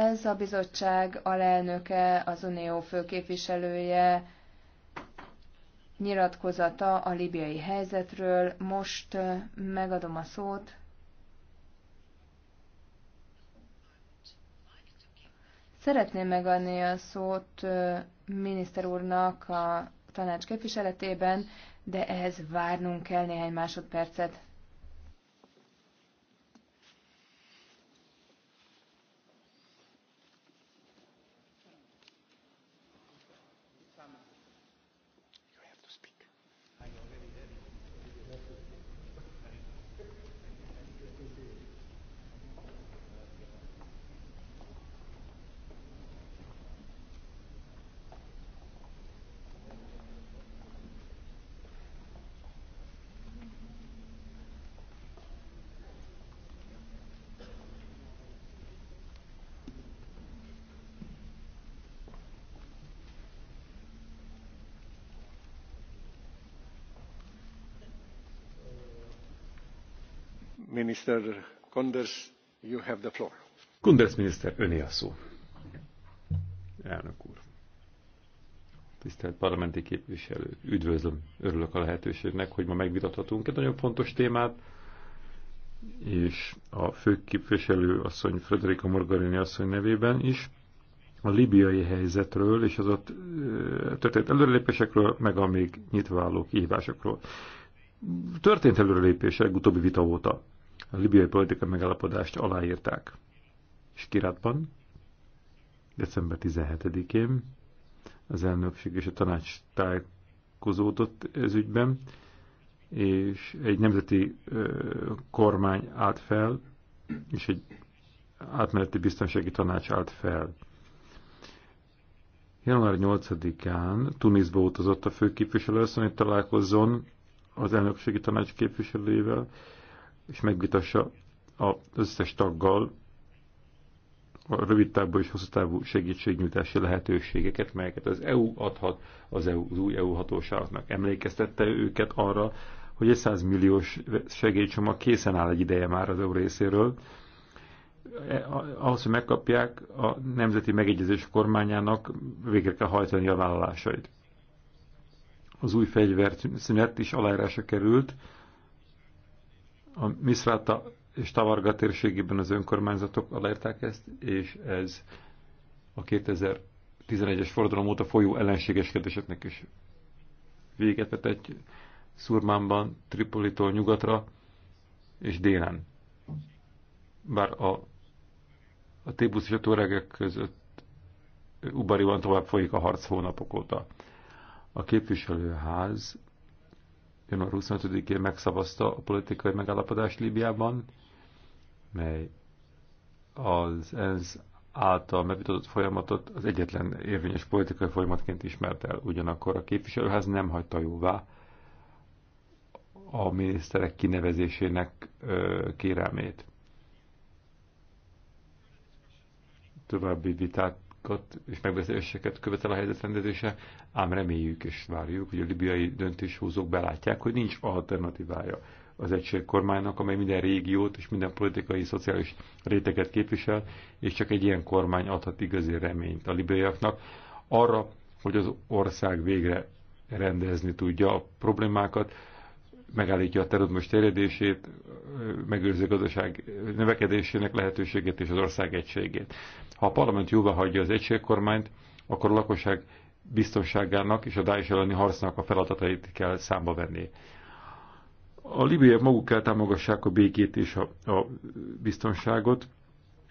Ez a bizottság alelnöke, az Unió főképviselője nyilatkozata a libiai helyzetről. Most megadom a szót. Szeretném megadni a szót miniszter úrnak a tanács képviseletében, de ehhez várnunk kell néhány másodpercet. Kunders miniszter, öné a szó. Elnök úr. Tisztelt parlamenti képviselő, üdvözlöm, örülök a lehetőségnek, hogy ma megvitathatunk egy nagyon fontos témát, és a főképviselő asszony, Frederika Morgarini asszony nevében is, a libiai helyzetről és az ott történt előrelépésekről, meg a még nyitva álló kihívásokról. Történt előrelépés utóbbi vita óta a libiai politikai megállapodást aláírták. És kiratban december 17-én az elnökség és a tanács tájékozódott ez ügyben, és egy nemzeti ö, kormány állt fel, és egy átmeneti biztonsági tanács állt fel. Január 8-án Tunisba utazott a főképviselő, hogy találkozzon az elnökségi tanács képviselőjével, és megvitassa az összes taggal a rövid távú és hosszú távú segítségnyújtási lehetőségeket, melyeket az EU adhat az, EU, az új EU hatóságoknak. Emlékeztette őket arra, hogy egy 100 milliós segélycsomag készen áll egy ideje már az EU részéről, e, ahhoz, hogy megkapják a nemzeti megegyezés kormányának végre kell hajtani a vállalásait. Az új fegyverszünet is aláírása került, a Miszváta és Tavarga térségében az önkormányzatok aláírták ezt, és ez a 2011-es fordulom óta folyó ellenségeskedéseknek is véget vetett Szurmánban, Tripolitól nyugatra és délen. Bár a, a Tébusz és a Tóregek között Ubariban tovább folyik a harc hónapok óta. A képviselőház január 25-én megszavazta a politikai megállapodást Líbiában, mely az ENSZ által megvitatott folyamatot az egyetlen érvényes politikai folyamatként ismert el. Ugyanakkor a képviselőház nem hagyta jóvá a miniszterek kinevezésének kérelmét. További vitát konzultációkat és megbeszéléseket követel a helyzet rendezése, ám reméljük és várjuk, hogy a libiai döntéshozók belátják, hogy nincs alternatívája az kormánynak, amely minden régiót és minden politikai, szociális réteget képvisel, és csak egy ilyen kormány adhat igazi reményt a libiaiaknak arra, hogy az ország végre rendezni tudja a problémákat, megállítja a terrorizmus terjedését, megőrzi a gazdaság növekedésének lehetőségét és az ország egységét. Ha a parlament jóvá hagyja az egységkormányt, akkor a lakosság biztonságának és a Daesh elleni harcnak a feladatait kell számba venni. A libiaiak maguk kell támogassák a békét és a, a biztonságot.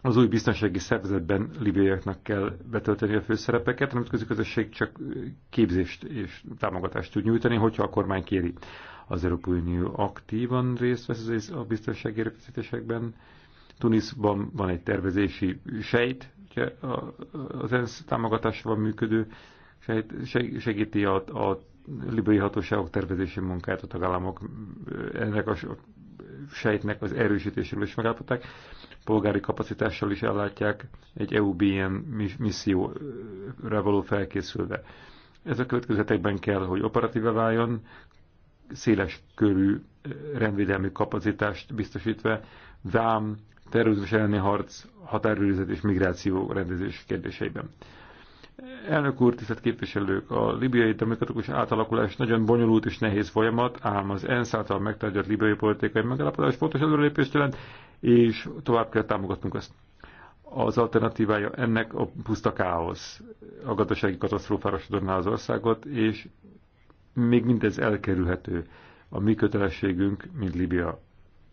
Az új biztonsági szervezetben libiaiaknak kell betölteni a főszerepeket, a nemzetközi közösség csak képzést és támogatást tud nyújtani, hogyha a kormány kéri. Az Európai Unió aktívan részt vesz a biztonsági erőfeszítésekben. Tunisban van egy tervezési sejt, az ENSZ támogatásával működő segíti a, a libai hatóságok tervezési munkáját a tagállamok ennek a sejtnek az erősítéséről is megállapodták. Polgári kapacitással is ellátják egy EUBN misszióra való felkészülve. Ez a következetekben kell, hogy operatíve váljon, széles körű eh, rendvédelmi kapacitást biztosítva, vám, terrorizmus elleni harc, határőrizet és migráció rendezés kérdéseiben. Elnök úr, tisztelt képviselők, a libiai demokratikus átalakulás nagyon bonyolult és nehéz folyamat, ám az ENSZ által megtárgyalt libiai politikai megállapodás fontos előrelépést jelent, és tovább kell támogatnunk ezt. Az alternatívája ennek a puszta káosz, a gazdasági katasztrófára sodorná az országot, és még mindez elkerülhető a mi kötelességünk, mint Libia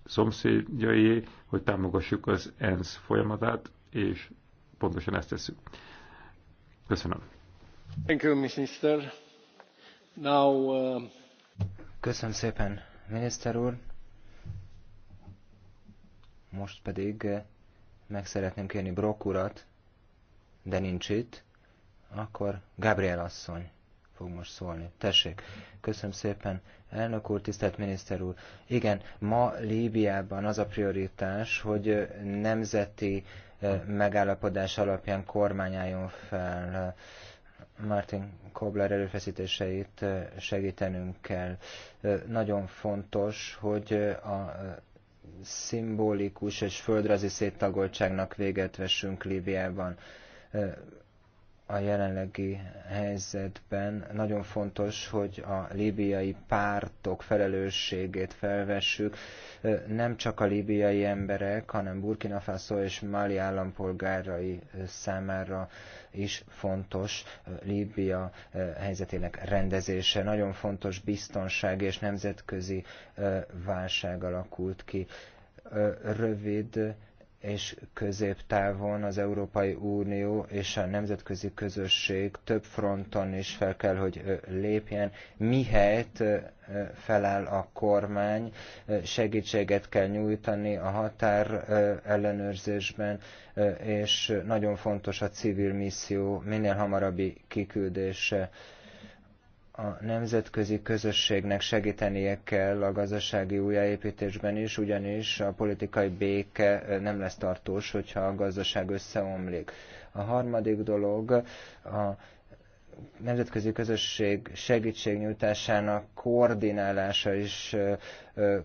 szomszédjaié, hogy támogassuk az ENSZ folyamatát, és pontosan ezt tesszük. Köszönöm. Thank you, Mr. Now, uh... Köszönöm szépen, miniszter úr. Most pedig uh, meg szeretném kérni Brock urat, de nincs itt, akkor Gabriel asszony fog most szólni. Tessék, köszönöm szépen. Elnök úr, tisztelt miniszter úr. Igen, ma Líbiában az a prioritás, hogy nemzeti eh, megállapodás alapján kormány álljon fel. Martin Kobler előfeszítéseit eh, segítenünk kell. Eh, nagyon fontos, hogy a szimbolikus és földrajzi széttagoltságnak véget vessünk Líbiában a jelenlegi helyzetben nagyon fontos, hogy a líbiai pártok felelősségét felvessük. Nem csak a líbiai emberek, hanem Burkina Faso és Mali állampolgárai számára is fontos Líbia helyzetének rendezése. Nagyon fontos biztonság és nemzetközi válság alakult ki. Rövid és középtávon az Európai Unió és a nemzetközi közösség több fronton is fel kell, hogy lépjen. Mihelyt feláll a kormány, segítséget kell nyújtani a határ ellenőrzésben, és nagyon fontos a civil misszió minél hamarabbi kiküldése a nemzetközi közösségnek segítenie kell a gazdasági újjáépítésben is, ugyanis a politikai béke nem lesz tartós, hogyha a gazdaság összeomlik. A harmadik dolog a nemzetközi közösség segítségnyújtásának koordinálása és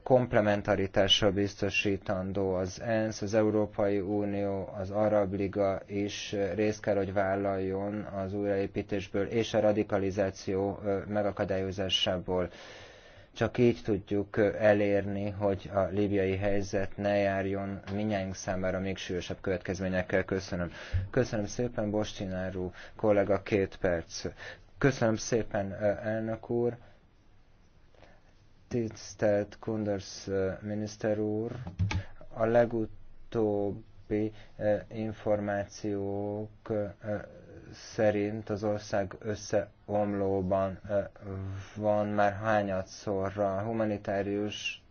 komplementaritása biztosítandó. Az ENSZ, az Európai Unió, az Arab Liga is részt kell, hogy vállaljon az újraépítésből és a radikalizáció megakadályozásából. Csak így tudjuk elérni, hogy a líbiai helyzet ne járjon minnyáink számára még sűrűsebb következményekkel. Köszönöm. Köszönöm szépen, Bostinárú kollega, két perc. Köszönöm szépen, elnök úr. Tisztelt Kunders miniszter úr, a legutóbbi információk szerint az ország összeomlóban van már hányadszorra. Humanitárius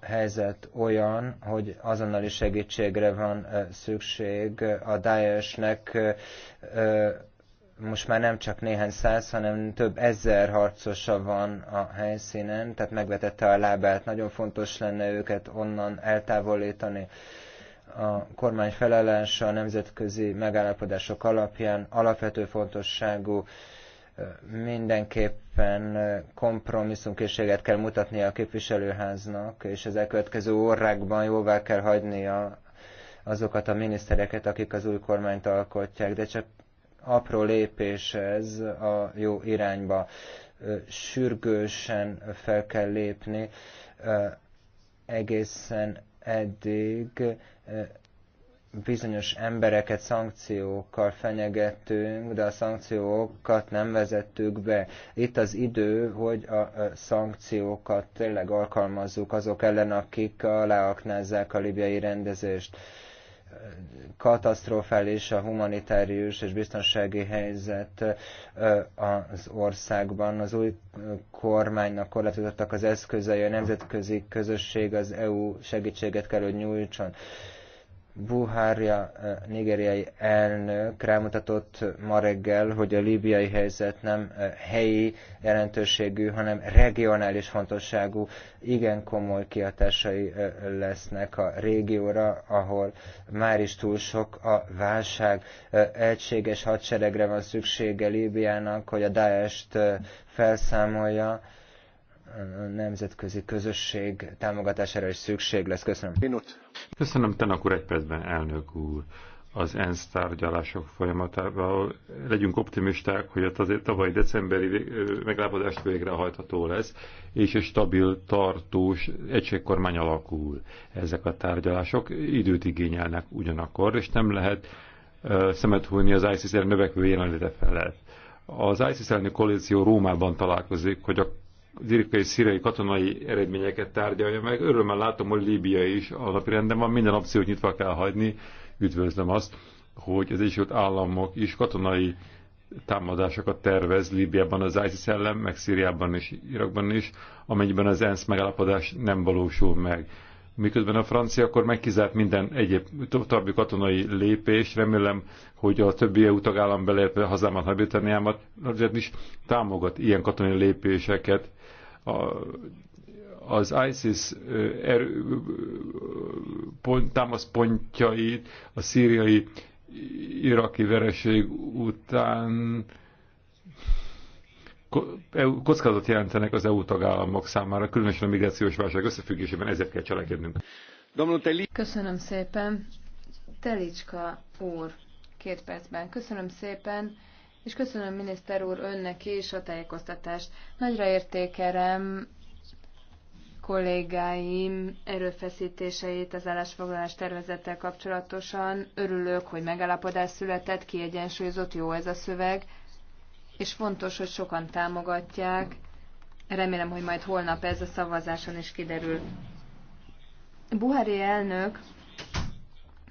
helyzet olyan, hogy azonnali segítségre van szükség. A Daesh-nek most már nem csak néhány száz, hanem több ezer harcosa van a helyszínen, tehát megvetette a lábát. Nagyon fontos lenne őket onnan eltávolítani a kormány felelása a nemzetközi megállapodások alapján alapvető fontosságú, mindenképpen kompromisszumkészséget kell mutatnia a képviselőháznak, és az elkövetkező órákban jóvá kell hagynia azokat a minisztereket, akik az új kormányt alkotják, de csak apró lépés ez a jó irányba. Sürgősen fel kell lépni egészen eddig bizonyos embereket szankciókkal fenyegettünk, de a szankciókat nem vezettük be. Itt az idő, hogy a szankciókat tényleg alkalmazzuk azok ellen, akik aláaknázzák a libiai rendezést katasztrofális a humanitárius és biztonsági helyzet az országban. Az új kormánynak korlátozottak az eszközei, a nemzetközi közösség az EU segítséget kell, hogy nyújtson. Buhária eh, nigériai elnök rámutatott ma reggel, hogy a líbiai helyzet nem eh, helyi jelentőségű, hanem regionális fontosságú, igen komoly kiadásai eh, lesznek a régióra, ahol már is túl sok a válság. Egységes hadseregre van szüksége Líbiának, hogy a Daest felszámolja, nemzetközi közösség támogatására is szükség lesz. Köszönöm. Minut. Köszönöm, Tanak úr, egy percben, elnök úr. Az ENSZ tárgyalások folyamatával legyünk optimisták, hogy a tavaly decemberi meglápodást végrehajtható lesz, és egy stabil, tartós egységkormány alakul. Ezek a tárgyalások időt igényelnek ugyanakkor, és nem lehet uh, szemet hújni az ISIS-el növekvő jelenléte felett az ISIS elni koalíció Rómában találkozik, hogy a irikai szírai katonai eredményeket tárgyalja meg. Örömmel látom, hogy Líbia is a napirenden van, minden opciót nyitva kell hagyni. Üdvözlöm azt, hogy az Egyesült Államok is katonai támadásokat tervez Líbiában az ISIS ellen, meg Szíriában és Irakban is, amennyiben az ENSZ megállapodás nem valósul meg. Miközben a francia akkor megkizárt minden egyéb további katonai lépést, remélem, hogy a többi EU tagállam belépve hazámat, nagy is támogat ilyen katonai lépéseket, a, az ISIS erő, pont, támaszpontjait a szíriai iraki vereség után e, kockázatot jelentenek az EU tagállamok számára, különösen a migrációs válság összefüggésében, ezért kell cselekednünk. Köszönöm szépen. Telicska úr, két percben. Köszönöm szépen és köszönöm miniszter úr önnek is a tájékoztatást. Nagyra értékelem kollégáim erőfeszítéseit az állásfoglalás tervezettel kapcsolatosan. Örülök, hogy megállapodás született, kiegyensúlyozott, jó ez a szöveg, és fontos, hogy sokan támogatják. Remélem, hogy majd holnap ez a szavazáson is kiderül. Buhari elnök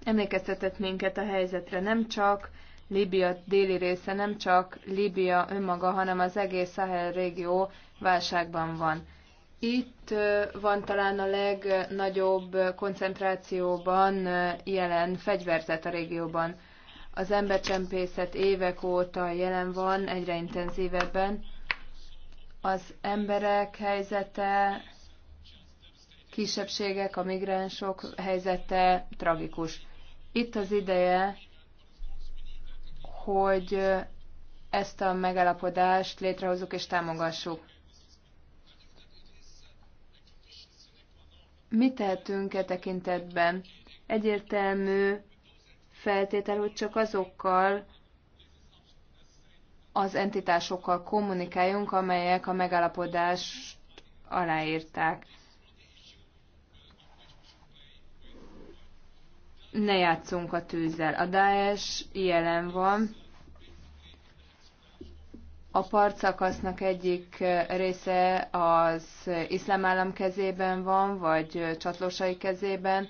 emlékeztetett minket a helyzetre, nem csak Líbia déli része, nem csak Líbia önmaga, hanem az egész Sahel régió válságban van. Itt van talán a legnagyobb koncentrációban jelen fegyverzet a régióban. Az embercsempészet évek óta jelen van, egyre intenzívebben. Az emberek helyzete, kisebbségek, a migránsok helyzete tragikus. Itt az ideje, hogy ezt a megállapodást létrehozzuk és támogassuk. Mit tehetünk e tekintetben? Egyértelmű feltétel, hogy csak azokkal az entitásokkal kommunikáljunk, amelyek a megállapodást aláírták. ne játszunk a tűzzel. A Daesh jelen van. A partszakasznak egyik része az iszlám állam kezében van, vagy csatlósai kezében.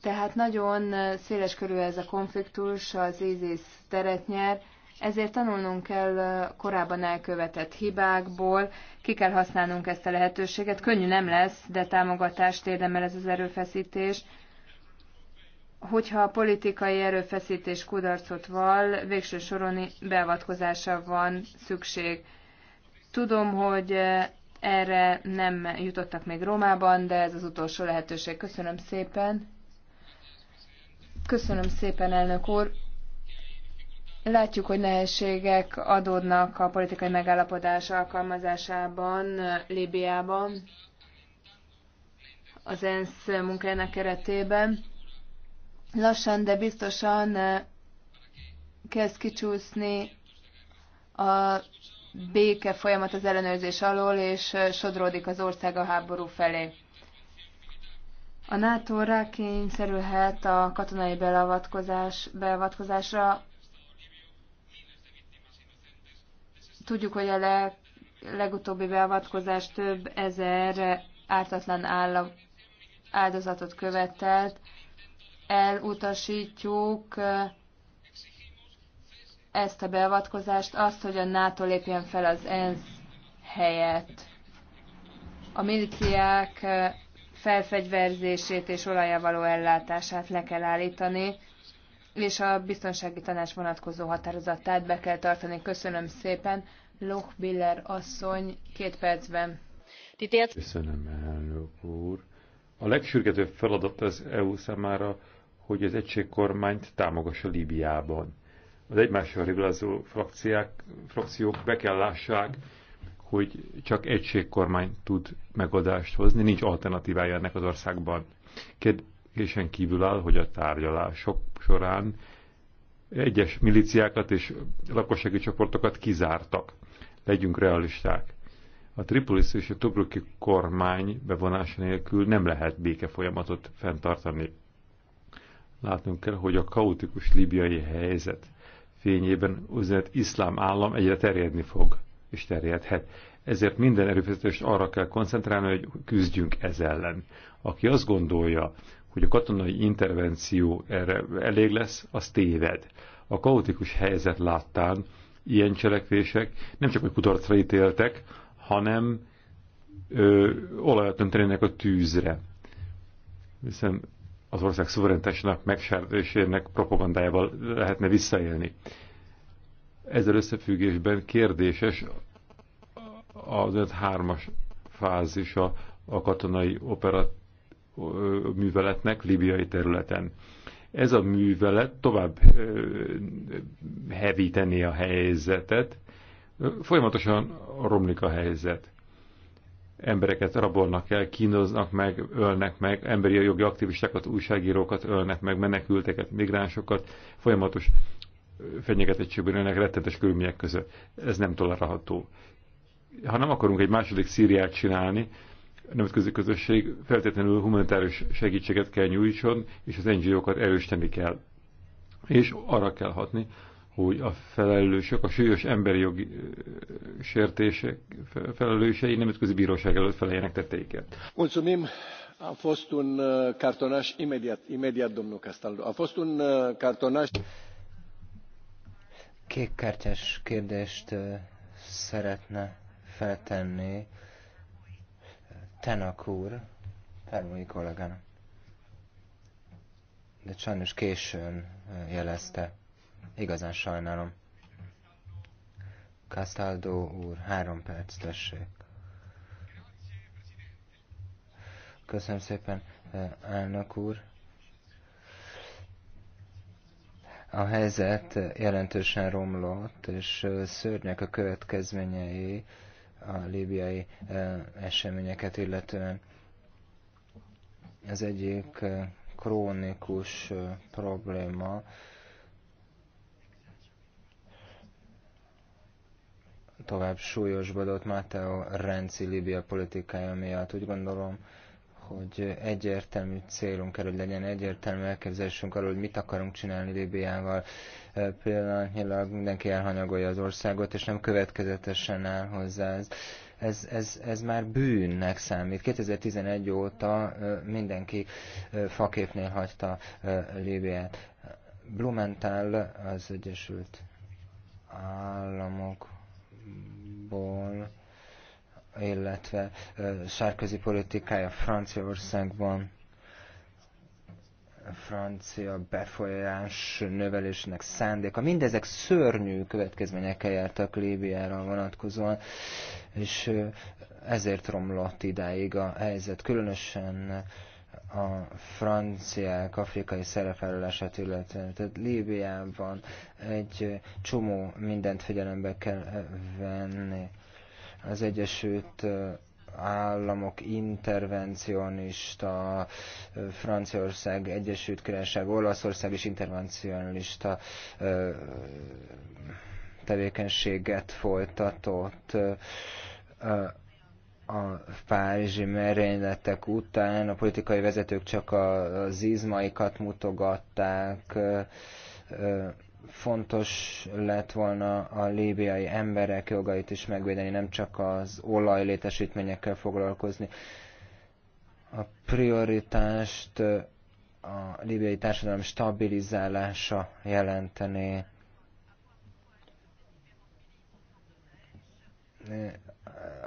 Tehát nagyon széles körül ez a konfliktus, az ISIS teret nyer, ezért tanulnunk kell korábban elkövetett hibákból, ki kell használnunk ezt a lehetőséget. Könnyű nem lesz, de támogatást érdemel ez az erőfeszítés. Hogyha a politikai erőfeszítés kudarcot val, végső soroni beavatkozása van szükség. Tudom, hogy erre nem jutottak még Rómában, de ez az utolsó lehetőség. Köszönöm szépen. Köszönöm szépen, elnök úr. Látjuk, hogy nehézségek adódnak a politikai megállapodás alkalmazásában eh, Líbiában, az ENSZ munkájának keretében. Lassan, de biztosan eh, kezd kicsúszni a béke folyamat az ellenőrzés alól, és eh, sodródik az ország a háború felé. A NATO rákényszerülhet a katonai beavatkozás, beavatkozásra Tudjuk, hogy a le, legutóbbi beavatkozás több ezer ártatlan állam, áldozatot követelt. Elutasítjuk ezt a beavatkozást, azt, hogy a NATO lépjen fel az ENSZ helyett. A miliciák felfegyverzését és olajjal való ellátását le kell állítani, és a biztonsági tanács vonatkozó határozatát be kell tartani. Köszönöm szépen. Loch Biller asszony, két percben. Köszönöm, elnök úr. A legsürgetőbb feladat az EU számára, hogy az egységkormányt támogassa Líbiában. Az egymással rivalizó frakciák, frakciók be kell lássák, hogy csak egységkormány tud megoldást hozni, nincs alternatívája ennek az országban kérdésen kívül áll, hogy a tárgyalások során egyes miliciákat és lakossági csoportokat kizártak. Legyünk realisták. A Tripolis és a Tobruki kormány bevonása nélkül nem lehet béke folyamatot fenntartani. Látnunk kell, hogy a kaotikus libiai helyzet fényében úgynevezett iszlám állam egyre terjedni fog és terjedhet. Ezért minden erőfeszítést arra kell koncentrálni, hogy küzdjünk ez ellen. Aki azt gondolja, hogy a katonai intervenció erre elég lesz, az téved. A kaotikus helyzet láttán ilyen cselekvések nem csak hogy kudarcra ítéltek, hanem ö, olajat öntenének a tűzre. Hiszen az ország szuverenitásának megsértésének propagandájával lehetne visszaélni. Ezzel összefüggésben kérdéses az 5-3-as fázisa a katonai operat műveletnek libiai területen. Ez a művelet tovább hevíteni a helyzetet, folyamatosan romlik a helyzet. Embereket rabolnak el, kínoznak meg, ölnek meg, emberi jogi aktivistákat, újságírókat ölnek meg, menekülteket, migránsokat, folyamatos fenyegetettségben élnek rettetes körülmények között. Ez nem tolerálható. Ha nem akarunk egy második Szíriát csinálni, nemzetközi közösség feltétlenül humanitárius segítséget kell nyújtson, és az NGO-kat erősíteni kell. És arra kell hatni, hogy a felelősök, a súlyos emberi jogi sértések felelősei nemzetközi bíróság előtt feleljenek tetteiket. Mulțumim. A fost un cartonaș imediat, imediat, domnul Castaldo. A fost un cartonaș... kártyás kérdést szeretne feltenni Tenakur, termói kollégának. De sajnos későn jelezte. Igazán sajnálom. Castaldo úr, három perc, tessék. Köszönöm szépen, elnök úr. A helyzet jelentősen romlott, és szörnyek a következményei a líbiai eseményeket illetően. Ez egyik krónikus probléma, tovább súlyosbodott Matteo Renzi Libia politikája miatt. Úgy gondolom, hogy egyértelmű célunk kell, hogy legyen egyértelmű elképzelésünk arról, hogy mit akarunk csinálni Líbiával. Pillanatnyilag mindenki elhanyagolja az országot, és nem következetesen áll hozzá. Ez, ez, ez, ez már bűnnek számít. 2011 óta mindenki faképnél hagyta Líbiát. Blumenthal az Egyesült Államokból illetve sárközi politikája Franciaországban francia befolyás növelésnek szándéka. Mindezek szörnyű következményekkel jártak Líbiára vonatkozóan, és ezért romlott idáig a helyzet. Különösen a franciák afrikai szerepvállalását illetően. Tehát Líbiában egy csomó mindent figyelembe kell venni az Egyesült eh, Államok intervencionista, eh, Franciaország, Egyesült Királyság, Olaszország is intervencionista eh, tevékenységet folytatott a párizsi merényletek után a politikai vezetők csak az izmaikat mutogatták, fontos lett volna a líbiai emberek jogait is megvédeni, nem csak az olajlétesítményekkel foglalkozni. A prioritást a líbiai társadalom stabilizálása jelenteni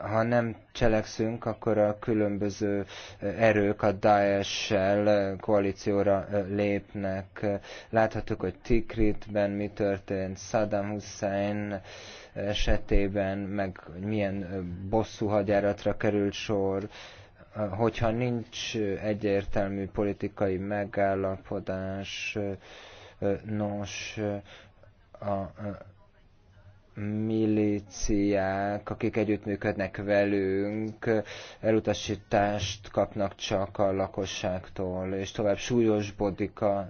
ha nem cselekszünk, akkor a különböző eh, erők a Daesh-sel eh, koalícióra eh, lépnek. Láthatjuk, hogy Tikritben mi történt, Saddam Hussein esetében, meg milyen bosszú hagyáratra került sor. Hogyha nincs egyértelmű politikai megállapodás, nos, a milíciák, akik együttműködnek velünk, elutasítást kapnak csak a lakosságtól, és tovább súlyosbodik a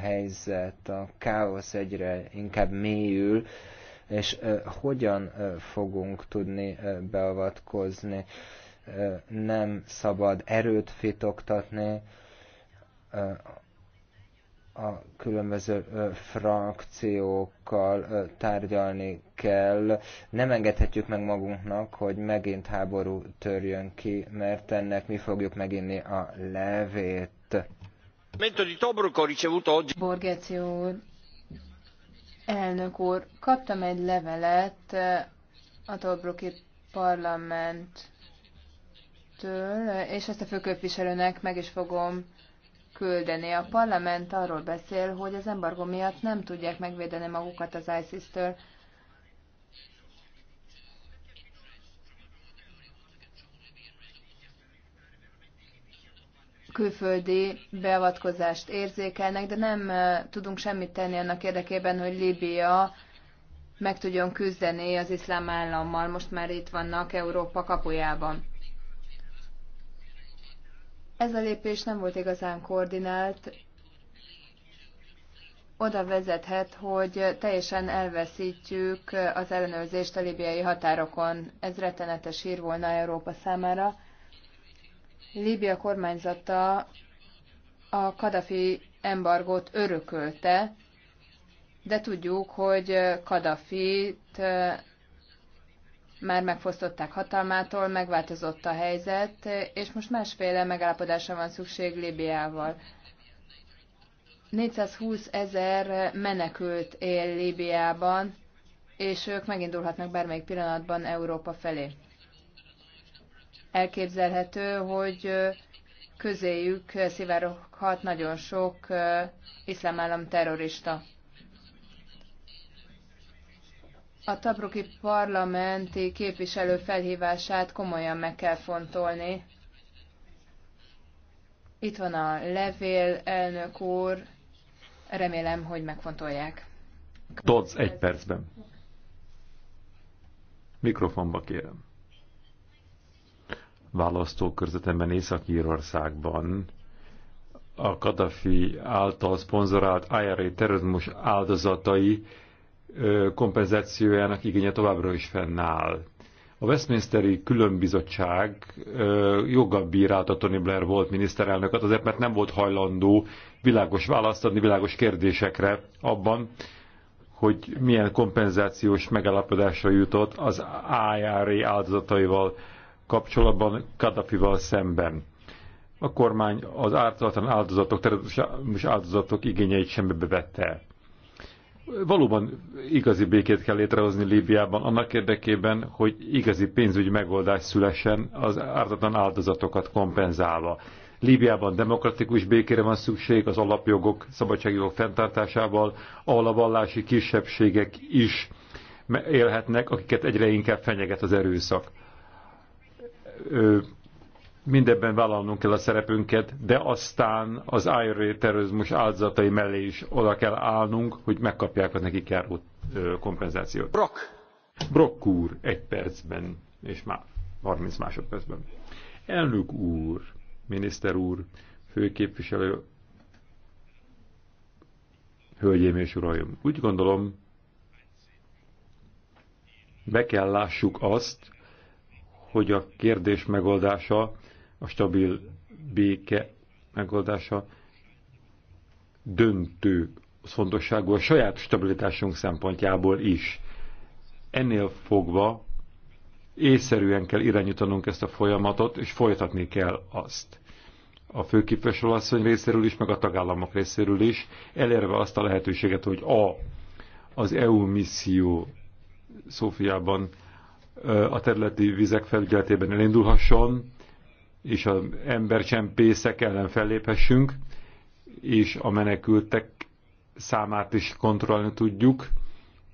helyzet, a káosz egyre inkább mélyül, és hogyan fogunk tudni beavatkozni. Nem szabad erőt fitoktatni, a különböző frakciókkal tárgyalni kell. Nem engedhetjük meg magunknak, hogy megint háború törjön ki, mert ennek mi fogjuk meginni a levét. Borgeció úr, elnök úr, kaptam egy levelet a Tobruki parlamenttől, és ezt a főköpviselőnek meg is fogom küldeni. A parlament arról beszél, hogy az embargó miatt nem tudják megvédeni magukat az ISIS-től. külföldi beavatkozást érzékelnek, de nem eh, tudunk semmit tenni annak érdekében, hogy Líbia meg tudjon küzdeni az iszlám állammal. Most már itt vannak Európa kapujában. Ez a lépés nem volt igazán koordinált, oda vezethet, hogy teljesen elveszítjük az ellenőrzést a libiai határokon. Ez rettenetes hír volna Európa számára. Líbia kormányzata a Kadafi embargót örökölte, de tudjuk, hogy Kadafit már megfosztották hatalmától, megváltozott a helyzet, és most másféle megállapodásra van szükség Líbiával. 420 ezer menekült él Líbiában, és ők megindulhatnak bármelyik pillanatban Európa felé. Elképzelhető, hogy közéjük szivároghat nagyon sok iszlám állam terrorista. a tabruki parlamenti képviselő felhívását komolyan meg kell fontolni. Itt van a levél, elnök úr. Remélem, hogy megfontolják. Dodz egy percben. Mikrofonba kérem. Választókörzetemben Észak-Írországban a Kadafi által szponzorált IRA terrorizmus áldozatai kompenzációjának igénye továbbra is fennáll. A Westminsteri különbizottság joggal bírálta Tony Blair volt miniszterelnököt, azért mert nem volt hajlandó világos választ adni világos kérdésekre abban, hogy milyen kompenzációs megállapodásra jutott az IRA áldozataival kapcsolatban Kaddafival szemben. A kormány az ártatlan áldozatok, terrorizmus áldozatok igényeit semmibe vette. Valóban igazi békét kell létrehozni Líbiában annak érdekében, hogy igazi pénzügyi megoldás szülessen az ártatlan áldozatokat kompenzálva. Líbiában demokratikus békére van szükség az alapjogok, szabadságjogok fenntartásával, ahol a vallási kisebbségek is élhetnek, akiket egyre inkább fenyeget az erőszak mindebben vállalnunk kell a szerepünket, de aztán az IRA terrorizmus áldozatai mellé is oda kell állnunk, hogy megkapják a nekik járó kompenzációt. Brock! Brock úr, egy percben, és már 30 másodpercben. Elnök úr, miniszter úr, főképviselő, hölgyeim és uraim, úgy gondolom, be kell lássuk azt, hogy a kérdés megoldása a stabil béke megoldása döntő fontosságú a saját stabilitásunk szempontjából is. Ennél fogva észszerűen kell irányítanunk ezt a folyamatot, és folytatni kell azt. A főképviselőasszony részéről is, meg a tagállamok részéről is, elérve azt a lehetőséget, hogy a az EU misszió Szófiában a területi vizek felügyeletében elindulhasson, és az embercsempészek ellen felléphessünk, és a menekültek számát is kontrollálni tudjuk,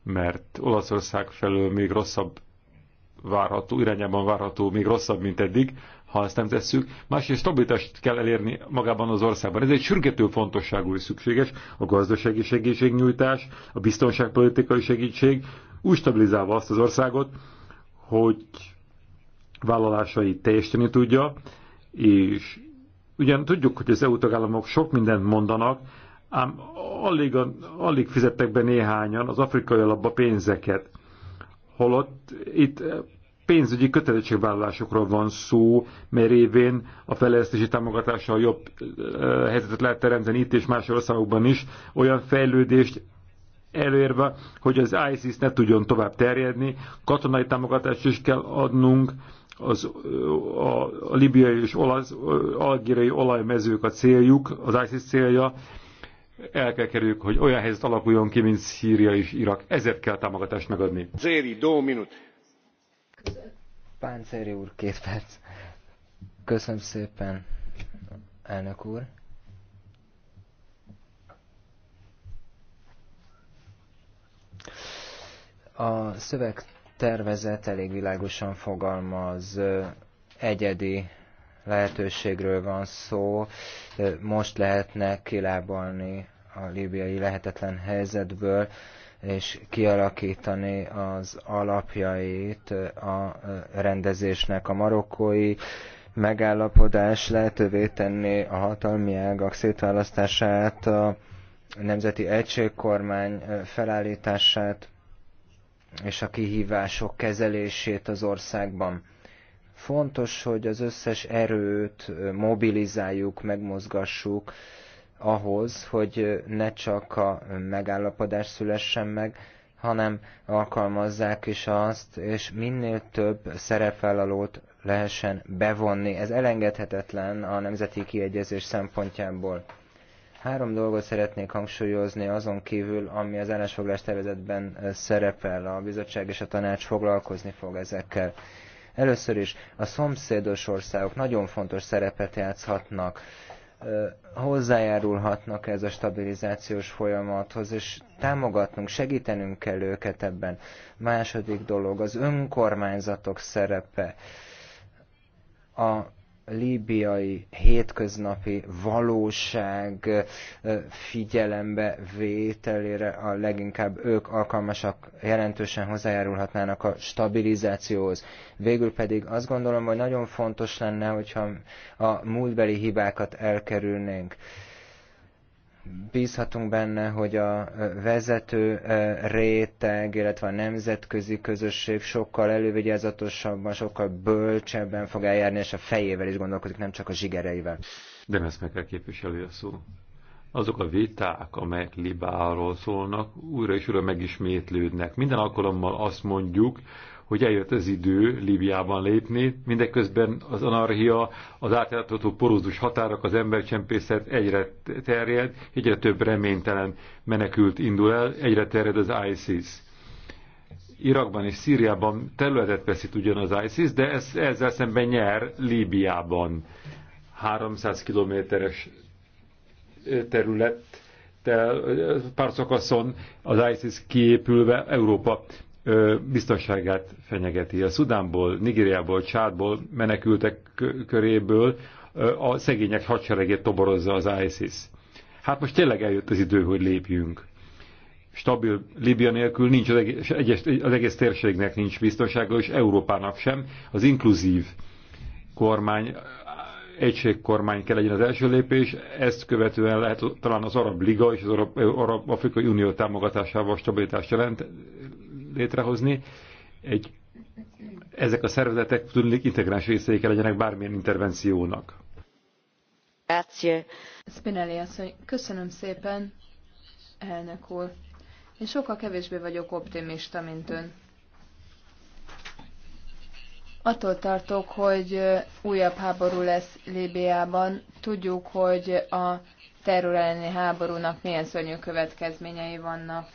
mert Olaszország felől még rosszabb várható, irányában várható, még rosszabb, mint eddig, ha ezt nem tesszük. Másrészt stabilitást kell elérni magában az országban. Ez egy sürgető fontosságú és szükséges, a gazdasági segítségnyújtás, a biztonságpolitikai segítség, úgy stabilizálva azt az országot, hogy vállalásait teljesíteni tudja, és ugyan tudjuk, hogy az EU tagállamok sok mindent mondanak, ám alig, alig fizettek be néhányan az afrikai alapba pénzeket. Holott itt pénzügyi kötelezettségvállalásokról van szó, mert révén a fejlesztési támogatással jobb helyzetet lehet teremteni itt és más országokban is, olyan fejlődést elérve, hogy az ISIS ne tudjon tovább terjedni, katonai támogatást is kell adnunk, az, a, a libiai és olasz, algériai olajmezők a céljuk, az ISIS célja, el kell kerüljük, hogy olyan helyzet alakuljon ki, mint Szíria és Irak. Ezért kell támogatást megadni. Zéri, do minut. Páncéri úr, két perc. Köszönöm szépen, elnök úr. A szöveg tervezet elég világosan fogalmaz, egyedi lehetőségről van szó, most lehetne kilábalni a líbiai lehetetlen helyzetből, és kialakítani az alapjait a rendezésnek. A marokkói megállapodás lehetővé tenni a hatalmi ágak szétválasztását, a nemzeti egységkormány felállítását, és a kihívások kezelését az országban. Fontos, hogy az összes erőt mobilizáljuk, megmozgassuk ahhoz, hogy ne csak a megállapodás szülessen meg, hanem alkalmazzák is azt, és minél több szerepvállalót lehessen bevonni. Ez elengedhetetlen a nemzeti kiegyezés szempontjából. Három dolgot szeretnék hangsúlyozni azon kívül, ami az állásfoglalás tervezetben szerepel. A bizottság és a tanács foglalkozni fog ezekkel. Először is a szomszédos országok nagyon fontos szerepet játszhatnak hozzájárulhatnak ez a stabilizációs folyamathoz, és támogatnunk, segítenünk kell őket ebben. Második dolog, az önkormányzatok szerepe. A líbiai hétköznapi valóság figyelembe vételére a leginkább ők alkalmasak jelentősen hozzájárulhatnának a stabilizációhoz. Végül pedig azt gondolom, hogy nagyon fontos lenne, hogyha a múltbeli hibákat elkerülnénk bízhatunk benne, hogy a vezető eh, réteg, illetve a nemzetközi közösség sokkal elővigyázatosabban, sokkal bölcsebben fog eljárni, és a fejével is gondolkodik, nem csak a zsigereivel. De ezt meg kell képviselni a szó. Azok a viták, amelyek Libáról szólnak, újra és újra megismétlődnek. Minden alkalommal azt mondjuk, hogy eljött az idő Líbiában lépni, mindeközben az anarchia, az átlátható porózus határok, az embercsempészet egyre terjed, egyre több reménytelen menekült indul el, egyre terjed az ISIS. Irakban és Szíriában területet veszít ugyan az ISIS, de ez, ezzel szemben nyer Líbiában. 300 kilométeres terület, pár szakaszon az ISIS kiépülve Európa biztonságát fenyegeti. A Szudánból, Nigériából, Csádból, menekültek köréből a szegények hadseregét toborozza az ISIS. Hát most tényleg eljött az idő, hogy lépjünk. Stabil Libia nélkül nincs az egész, az egész térségnek nincs biztonsága, és Európának sem. Az inkluzív kormány, egységkormány kell legyen az első lépés, ezt követően lehet talán az Arab Liga és az Arab, Arab Afrikai Unió támogatásával stabilitást jelent, létrehozni, egy, ezek a szervezetek tudnék integráns részei kell legyenek bármilyen intervenciónak. Spinelli asszony, köszönöm szépen, elnök úr. Én sokkal kevésbé vagyok optimista, mint ön. Attól tartok, hogy újabb háború lesz Líbiában. Tudjuk, hogy a terror elleni háborúnak milyen szörnyű következményei vannak.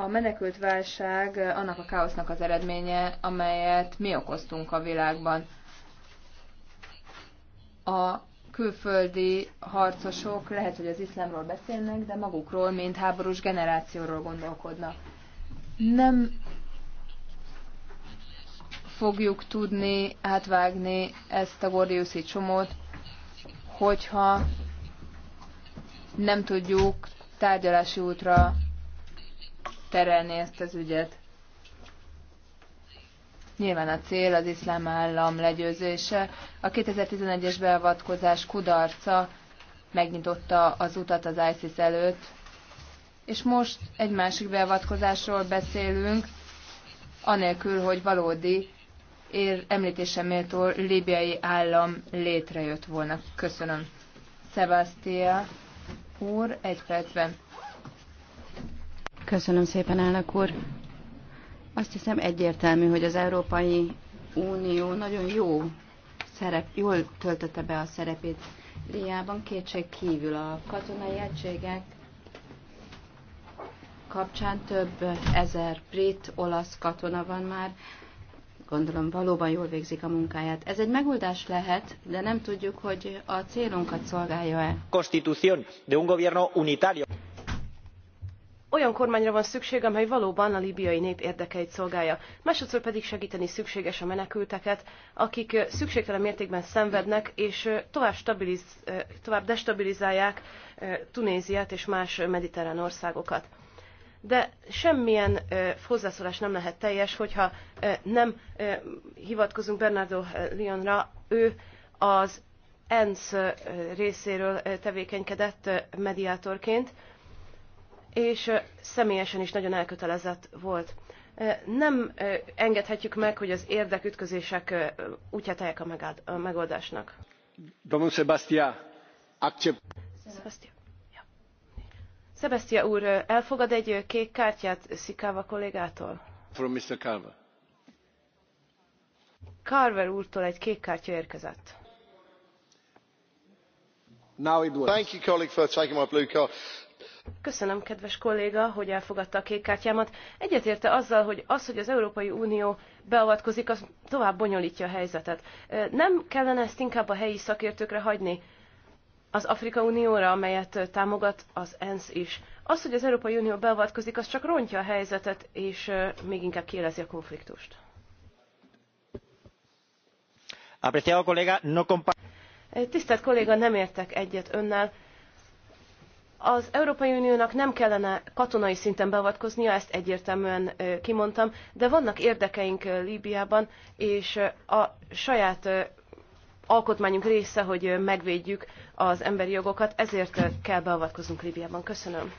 A menekült válság eh, annak a káosznak az eredménye, amelyet mi okoztunk a világban. A külföldi harcosok lehet, hogy az iszlámról beszélnek, de magukról, mint háborús generációról gondolkodnak. Nem fogjuk tudni átvágni ezt a gordiuszi csomót, hogyha nem tudjuk tárgyalási útra terelni ezt az ügyet. Nyilván a cél az iszlám állam legyőzése. A 2011-es beavatkozás kudarca megnyitotta az utat az ISIS előtt, és most egy másik beavatkozásról beszélünk, anélkül, hogy valódi ér, említése méltó libiai állam létrejött volna. Köszönöm. Sebastia úr, egy percben. Köszönöm szépen, elnök úr. Azt hiszem egyértelmű, hogy az Európai Unió nagyon jó szerep, jól töltötte be a szerepét Liában, kétség kívül a katonai egységek kapcsán több ezer brit, olasz katona van már, gondolom valóban jól végzik a munkáját. Ez egy megoldás lehet, de nem tudjuk, hogy a célunkat szolgálja-e. de un gobierno unitario olyan kormányra van szükség, amely valóban a libiai nép érdekeit szolgálja. Másodszor pedig segíteni szükséges a menekülteket, akik szükségtelen mértékben szenvednek, és tovább, stabiliz, tovább destabilizálják Tunéziát és más mediterrán országokat. De semmilyen hozzászólás nem lehet teljes, hogyha nem hivatkozunk Bernardo Lyonra, ő az ENSZ részéről tevékenykedett mediátorként, és személyesen is nagyon elkötelezett volt. Nem engedhetjük meg, hogy az érdekütközések útját a megoldásnak. Domnul Sebastián, accept. Sebastián. Ja. Sebastián úr, elfogad egy kék kártyát Szikáva kollégától? From Mr. Carver. Carver úrtól egy kék kártya érkezett. Now it works. Thank you, colleague, for taking my blue card. Köszönöm, kedves kolléga, hogy elfogadta a kék kártyámat. Egyetérte azzal, hogy az, hogy az Európai Unió beavatkozik, az tovább bonyolítja a helyzetet. Nem kellene ezt inkább a helyi szakértőkre hagyni? Az Afrika Unióra, amelyet támogat az ENSZ is. Az, hogy az Európai Unió beavatkozik, az csak rontja a helyzetet, és még inkább kielezi a konfliktust. Apreciado kolléga, no Tisztelt kolléga, nem értek egyet önnel az Európai Uniónak nem kellene katonai szinten beavatkoznia, ezt egyértelműen kimondtam, de vannak érdekeink Líbiában, és a saját alkotmányunk része, hogy megvédjük az emberi jogokat, ezért kell beavatkoznunk Líbiában. Köszönöm.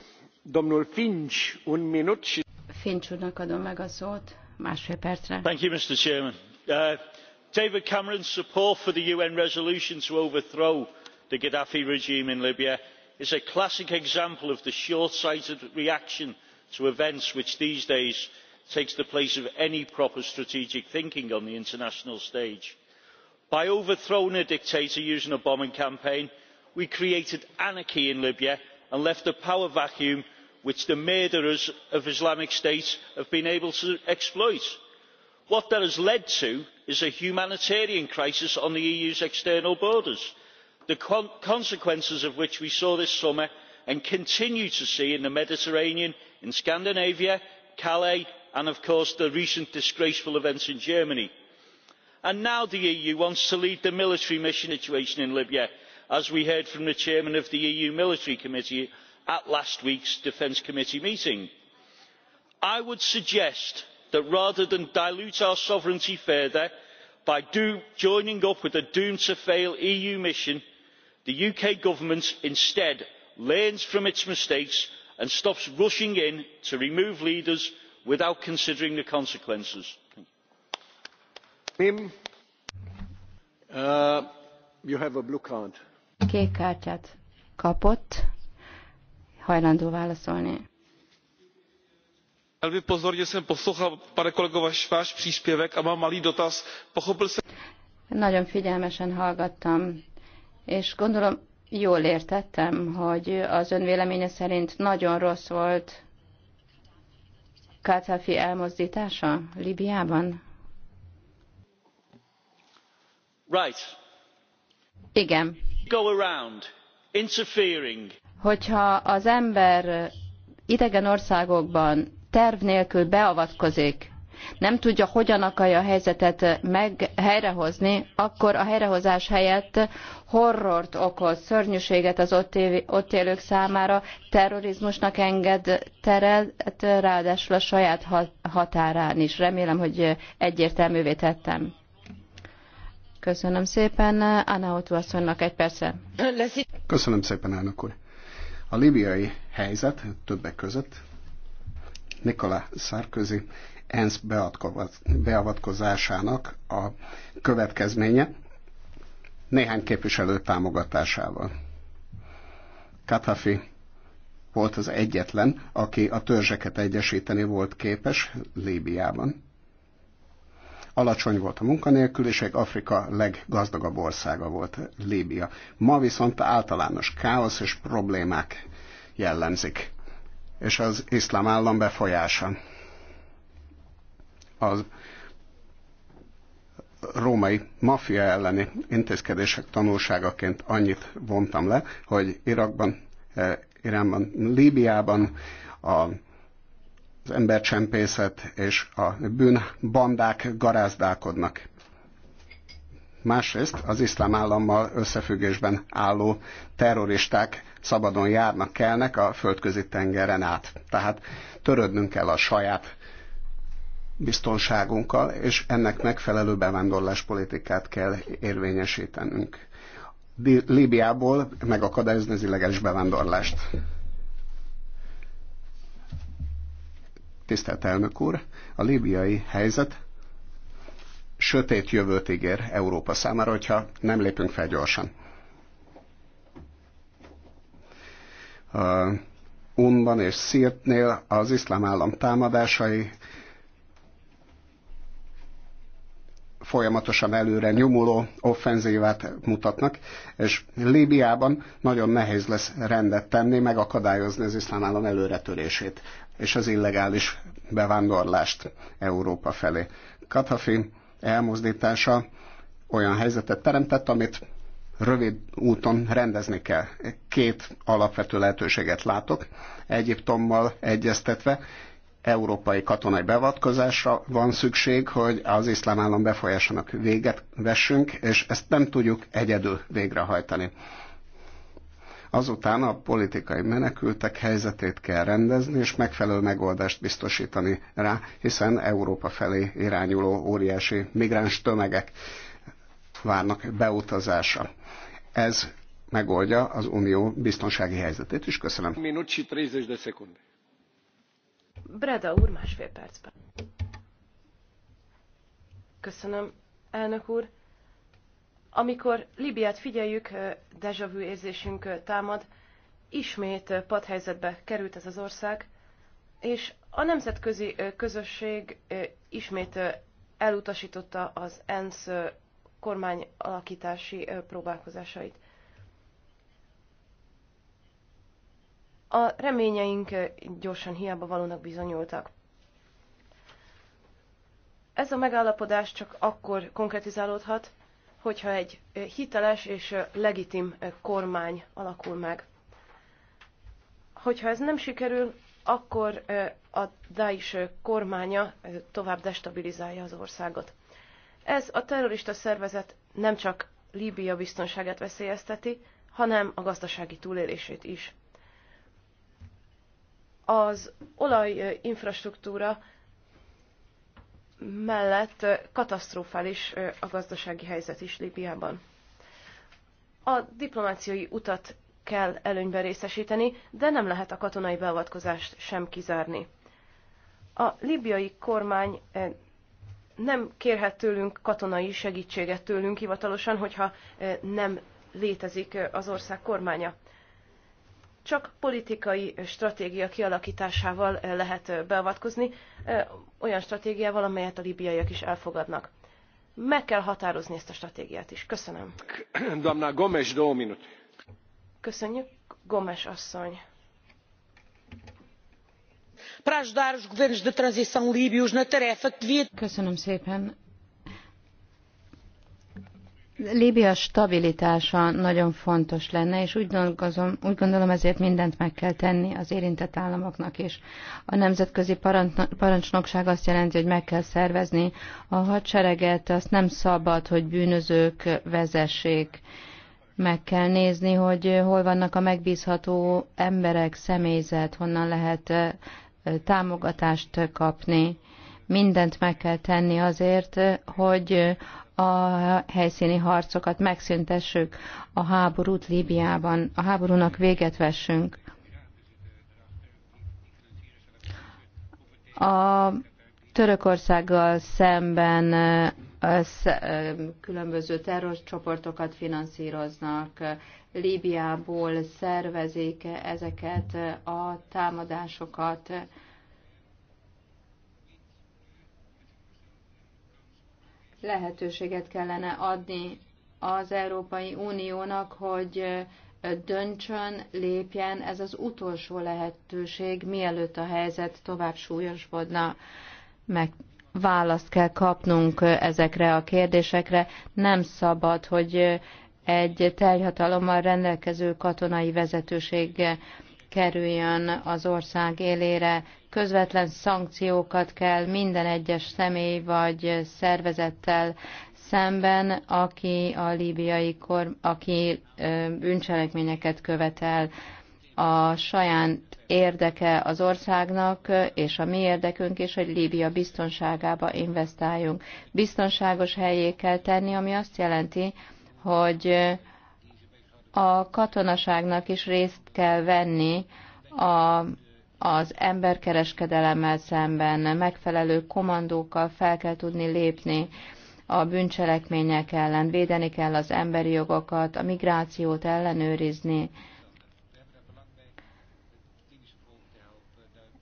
Domnul Finch, un minut. Finch úrnak adom meg a szót másfél percre. Thank you, Mr. Chairman. Uh, David Cameron's support for the UN resolution to overthrow the Gaddafi regime in Libya is a classic example of the short sighted reaction to events which these days takes the place of any proper strategic thinking on the international stage. by overthrowing a dictator using a bombing campaign we created anarchy in libya and left a power vacuum which the murderers of islamic state have been able to exploit. what that has led to is a humanitarian crisis on the eu's external borders the consequences of which we saw this summer and continue to see in the mediterranean in scandinavia calais and of course the recent disgraceful events in germany. and now the eu wants to lead the military mission situation in libya as we heard from the chairman of the eu military committee at last week's defence committee meeting. i would suggest that rather than dilute our sovereignty further by joining up with a doomed to fail eu mission the uk government instead learns from its mistakes and stops rushing in to remove leaders without considering the consequences. Uh, kék kártyát kapott hajlandó velmi pozorně jsem poslouchal pane kolego váš příspěvek a mám malý dotaz. pochopil jsem. nagyon figyelmesen hallgattam és gondolom jól értettem, hogy az ön véleménye szerint nagyon rossz volt Kadhafi elmozdítása Libiában? Right. Igen. Go around, interfering. Hogyha az ember idegen országokban terv nélkül beavatkozik, nem tudja, hogyan akarja a helyzetet meg helyrehozni, akkor a helyrehozás helyett horrort okoz, szörnyűséget az ott, év, ott élők számára, terrorizmusnak enged teret, ráadásul a saját határán is. Remélem, hogy egyértelművé tettem. Köszönöm szépen. Anna Otu egy perce. Köszönöm szépen, elnök úr. A libiai helyzet többek között Nikola Sarkozy ENSZ beavatkozásának a következménye néhány képviselő támogatásával. Katafi volt az egyetlen, aki a törzseket egyesíteni volt képes Líbiában. Alacsony volt a munkanélküliség, Afrika leggazdagabb országa volt Líbia. Ma viszont általános káosz és problémák jellemzik, és az iszlám állam befolyása az római mafia elleni intézkedések tanulságaként annyit vontam le, hogy Irakban, eh, Iránban, Líbiában a az embercsempészet és a bűnbandák garázdálkodnak. Másrészt az iszlám állammal összefüggésben álló terroristák szabadon járnak kelnek a földközi tengeren át. Tehát törődnünk kell a saját biztonságunkkal, és ennek megfelelő bevándorláspolitikát kell érvényesítenünk. Líbiából megakadályozni az illegális bevándorlást. Tisztelt elnök úr, a líbiai helyzet sötét jövőt ígér Európa számára, hogyha nem lépünk fel gyorsan. Uh, Unban és Szirtnél az iszlám állam támadásai folyamatosan előre nyomuló offenzívát mutatnak, és Líbiában nagyon nehéz lesz rendet tenni, megakadályozni az iszlám állam előretörését és az illegális bevándorlást Európa felé. Kadhafi elmozdítása olyan helyzetet teremtett, amit rövid úton rendezni kell. Két alapvető lehetőséget látok, Egyiptommal egyeztetve, európai katonai beavatkozásra van szükség, hogy az iszlám állam befolyásának véget vessünk, és ezt nem tudjuk egyedül végrehajtani. Azután a politikai menekültek helyzetét kell rendezni, és megfelelő megoldást biztosítani rá, hiszen Európa felé irányuló óriási migráns tömegek várnak beutazásra. Ez megoldja az unió biztonsági helyzetét is. Köszönöm. Minucsi 30 de Breda úr másfél percben. Köszönöm, elnök úr. Amikor Libiát figyeljük, deja vu érzésünk támad, ismét padhelyzetbe került ez az ország, és a nemzetközi közösség ismét elutasította az ENSZ kormányalakítási próbálkozásait. A reményeink gyorsan hiába valónak bizonyultak. Ez a megállapodás csak akkor konkretizálódhat, hogyha egy hiteles és legitim kormány alakul meg. Hogyha ez nem sikerül, akkor a Daesh kormánya tovább destabilizálja az országot. Ez a terrorista szervezet nem csak Líbia biztonságát veszélyezteti, hanem a gazdasági túlélését is az olajinfrastruktúra mellett katasztrofális a gazdasági helyzet is Líbiában. A diplomáciai utat kell előnyben részesíteni, de nem lehet a katonai beavatkozást sem kizárni. A libiai kormány nem kérhet tőlünk katonai segítséget tőlünk hivatalosan, hogyha nem létezik az ország kormánya csak politikai stratégia kialakításával eh, lehet eh, beavatkozni, eh, olyan stratégiával, amelyet a libiaiak is elfogadnak. Meg kell határozni ezt a stratégiát is. Köszönöm. Damna Gomes, do minut. Köszönjük, Gomes asszony. Para ajudar os governos de transição líbios Köszönöm szépen. Líbia stabilitása nagyon fontos lenne, és úgy, dolgozom, úgy gondolom ezért mindent meg kell tenni az érintett államoknak is. A nemzetközi parancsnokság azt jelenti, hogy meg kell szervezni a hadsereget, azt nem szabad, hogy bűnözők vezessék. Meg kell nézni, hogy hol vannak a megbízható emberek, személyzet, honnan lehet támogatást kapni mindent meg kell tenni azért, hogy a helyszíni harcokat megszüntessük, a háborút Líbiában, a háborúnak véget vessünk. A Törökországgal szemben különböző terrorcsoportokat finanszíroznak, Líbiából szervezik ezeket a támadásokat, lehetőséget kellene adni az Európai Uniónak, hogy döntsön, lépjen, ez az utolsó lehetőség, mielőtt a helyzet tovább súlyosbodna. Meg választ kell kapnunk ezekre a kérdésekre. Nem szabad, hogy egy teljhatalommal rendelkező katonai vezetőség kerüljön az ország élére. Közvetlen szankciókat kell minden egyes személy vagy szervezettel szemben, aki a líbiai kor, aki bűncselekményeket követel. A saját érdeke az országnak, és a mi érdekünk is, hogy Líbia biztonságába investáljunk. Biztonságos helyé kell tenni, ami azt jelenti, hogy a katonaságnak is részt kell venni a, az emberkereskedelemmel szemben, megfelelő komandókkal fel kell tudni lépni a bűncselekmények ellen, védeni kell az emberi jogokat, a migrációt ellenőrizni,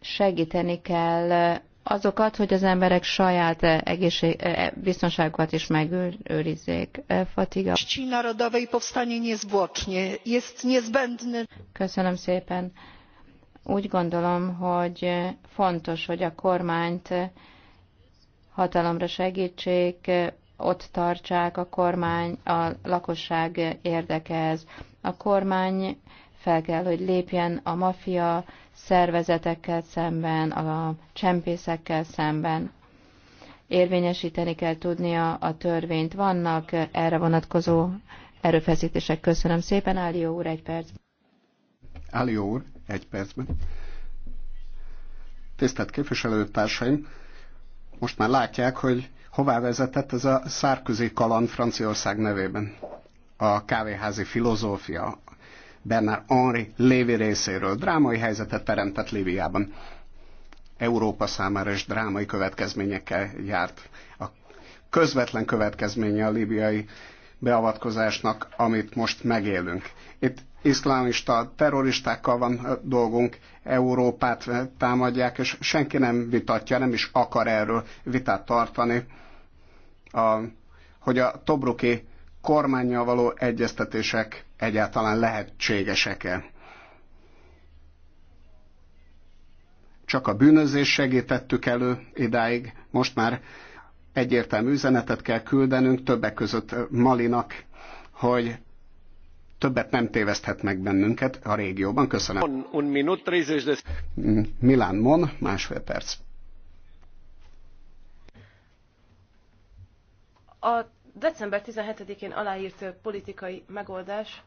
segíteni kell azokat, hogy az emberek saját eh, egészség, eh, eh, biztonságukat is megőrizzék. Fatiga. Narodowej powstanie niezwłocznie. Jest niezbędny. Köszönöm szépen. Úgy gondolom, hogy fontos, hogy a kormányt hatalomra segítsék, ott tartsák a kormány, a lakosság érdekehez. A kormány fel kell, hogy lépjen a mafia szervezetekkel szemben, a csempészekkel szemben. Érvényesíteni kell tudnia a törvényt. Vannak erre vonatkozó erőfeszítések. Köszönöm szépen, Álió úr, egy percben. Álió úr, egy percben. Tisztelt képviselőtársaim, most már látják, hogy hová vezetett ez a szárközi kaland Franciaország nevében. A kávéházi filozófia, Bernard Henri Lévi részéről. Drámai helyzetet teremtett Líbiában. Európa számára is drámai következményekkel járt. A közvetlen következménye a líbiai beavatkozásnak, amit most megélünk. Itt iszlámista terroristákkal van dolgunk, Európát támadják, és senki nem vitatja, nem is akar erről vitát tartani. A, hogy a Tobruki kormányjal való egyeztetések egyáltalán lehetségesek-e. Csak a bűnözés segítettük elő idáig, most már egyértelmű üzenetet kell küldenünk többek között Malinak, hogy többet nem téveszthet meg bennünket a régióban. Köszönöm. Un, un minut, de... Mm, Milán Mon, másfél perc. A december 17-én aláírt politikai megoldás,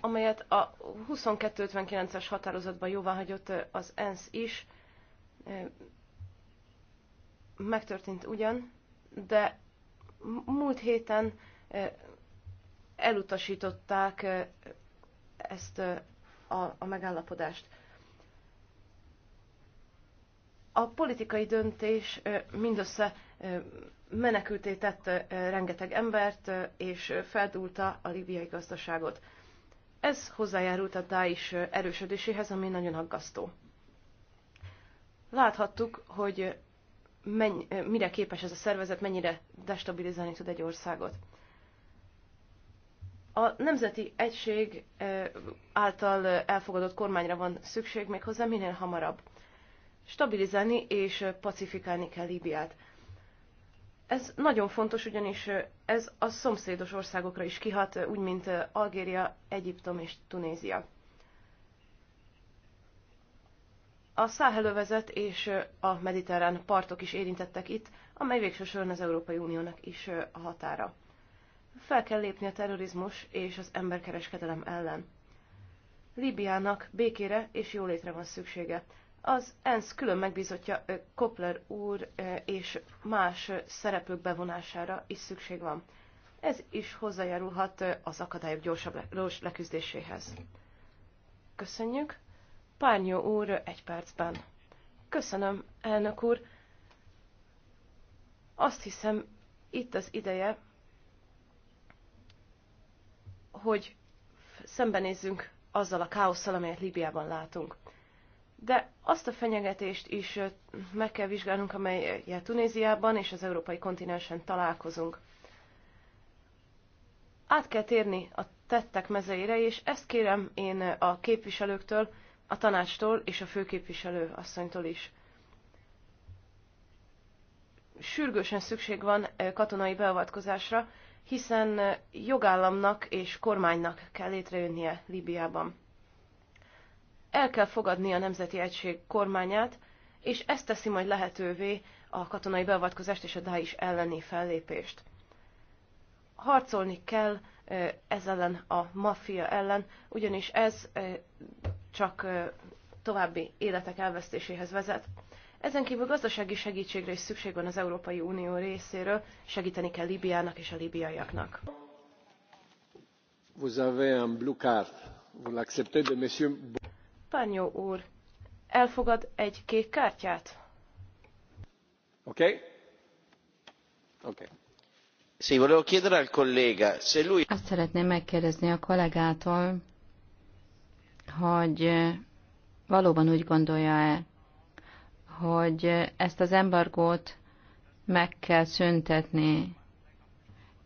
amelyet a 2259-es határozatban jóváhagyott az ENSZ is, megtörtént ugyan, de múlt héten elutasították ezt a megállapodást. A politikai döntés mindössze menekülté tett rengeteg embert, és feldúlta a libiai gazdaságot. Ez hozzájárult a Daesh erősödéséhez, ami nagyon aggasztó. Láthattuk, hogy menny, mire képes ez a szervezet, mennyire destabilizálni tud egy országot. A Nemzeti Egység által elfogadott kormányra van szükség méghozzá minél hamarabb. Stabilizálni és pacifikálni kell Líbiát. Ez nagyon fontos, ugyanis ez a szomszédos országokra is kihat, úgy mint Algéria, Egyiptom és Tunézia. A száhelővezet és a mediterrán partok is érintettek itt, amely végső soron az Európai Uniónak is a határa. Fel kell lépni a terrorizmus és az emberkereskedelem ellen. Líbiának békére és jólétre van szüksége. Az ENSZ külön megbízottja Kopler úr és más szereplők bevonására is szükség van. Ez is hozzájárulhat az akadályok gyorsabb leküzdéséhez. Köszönjük. Párnyó úr egy percben. Köszönöm, elnök úr. Azt hiszem, itt az ideje, hogy szembenézzünk azzal a káosszal, amelyet Líbiában látunk de azt a fenyegetést is meg kell vizsgálnunk, amelyet Tunéziában és az európai kontinensen találkozunk. Át kell térni a tettek mezeire, és ezt kérem én a képviselőktől, a tanácstól és a főképviselő asszonytól is. Sürgősen szükség van katonai beavatkozásra, hiszen jogállamnak és kormánynak kell létrejönnie Líbiában el kell fogadni a Nemzeti Egység kormányát, és ez teszi majd lehetővé a katonai beavatkozást és a Daesh elleni fellépést. Harcolni kell ez ellen a maffia ellen, ugyanis ez csak további életek elvesztéséhez vezet. Ezen kívül gazdasági segítségre is szükség van az Európai Unió részéről, segíteni kell Libiának és a libiaiaknak. Vous avez un blue card. Vous l'acceptez de monsieur Párnyó úr, elfogad egy kék kártyát? Oké. Okay. Oké. Okay. Sí, volevo chiedere al collega se lui... Azt szeretném megkérdezni a kollégától, hogy eh, valóban úgy gondolja-e, hogy eh, ezt az embargót meg kell szüntetni,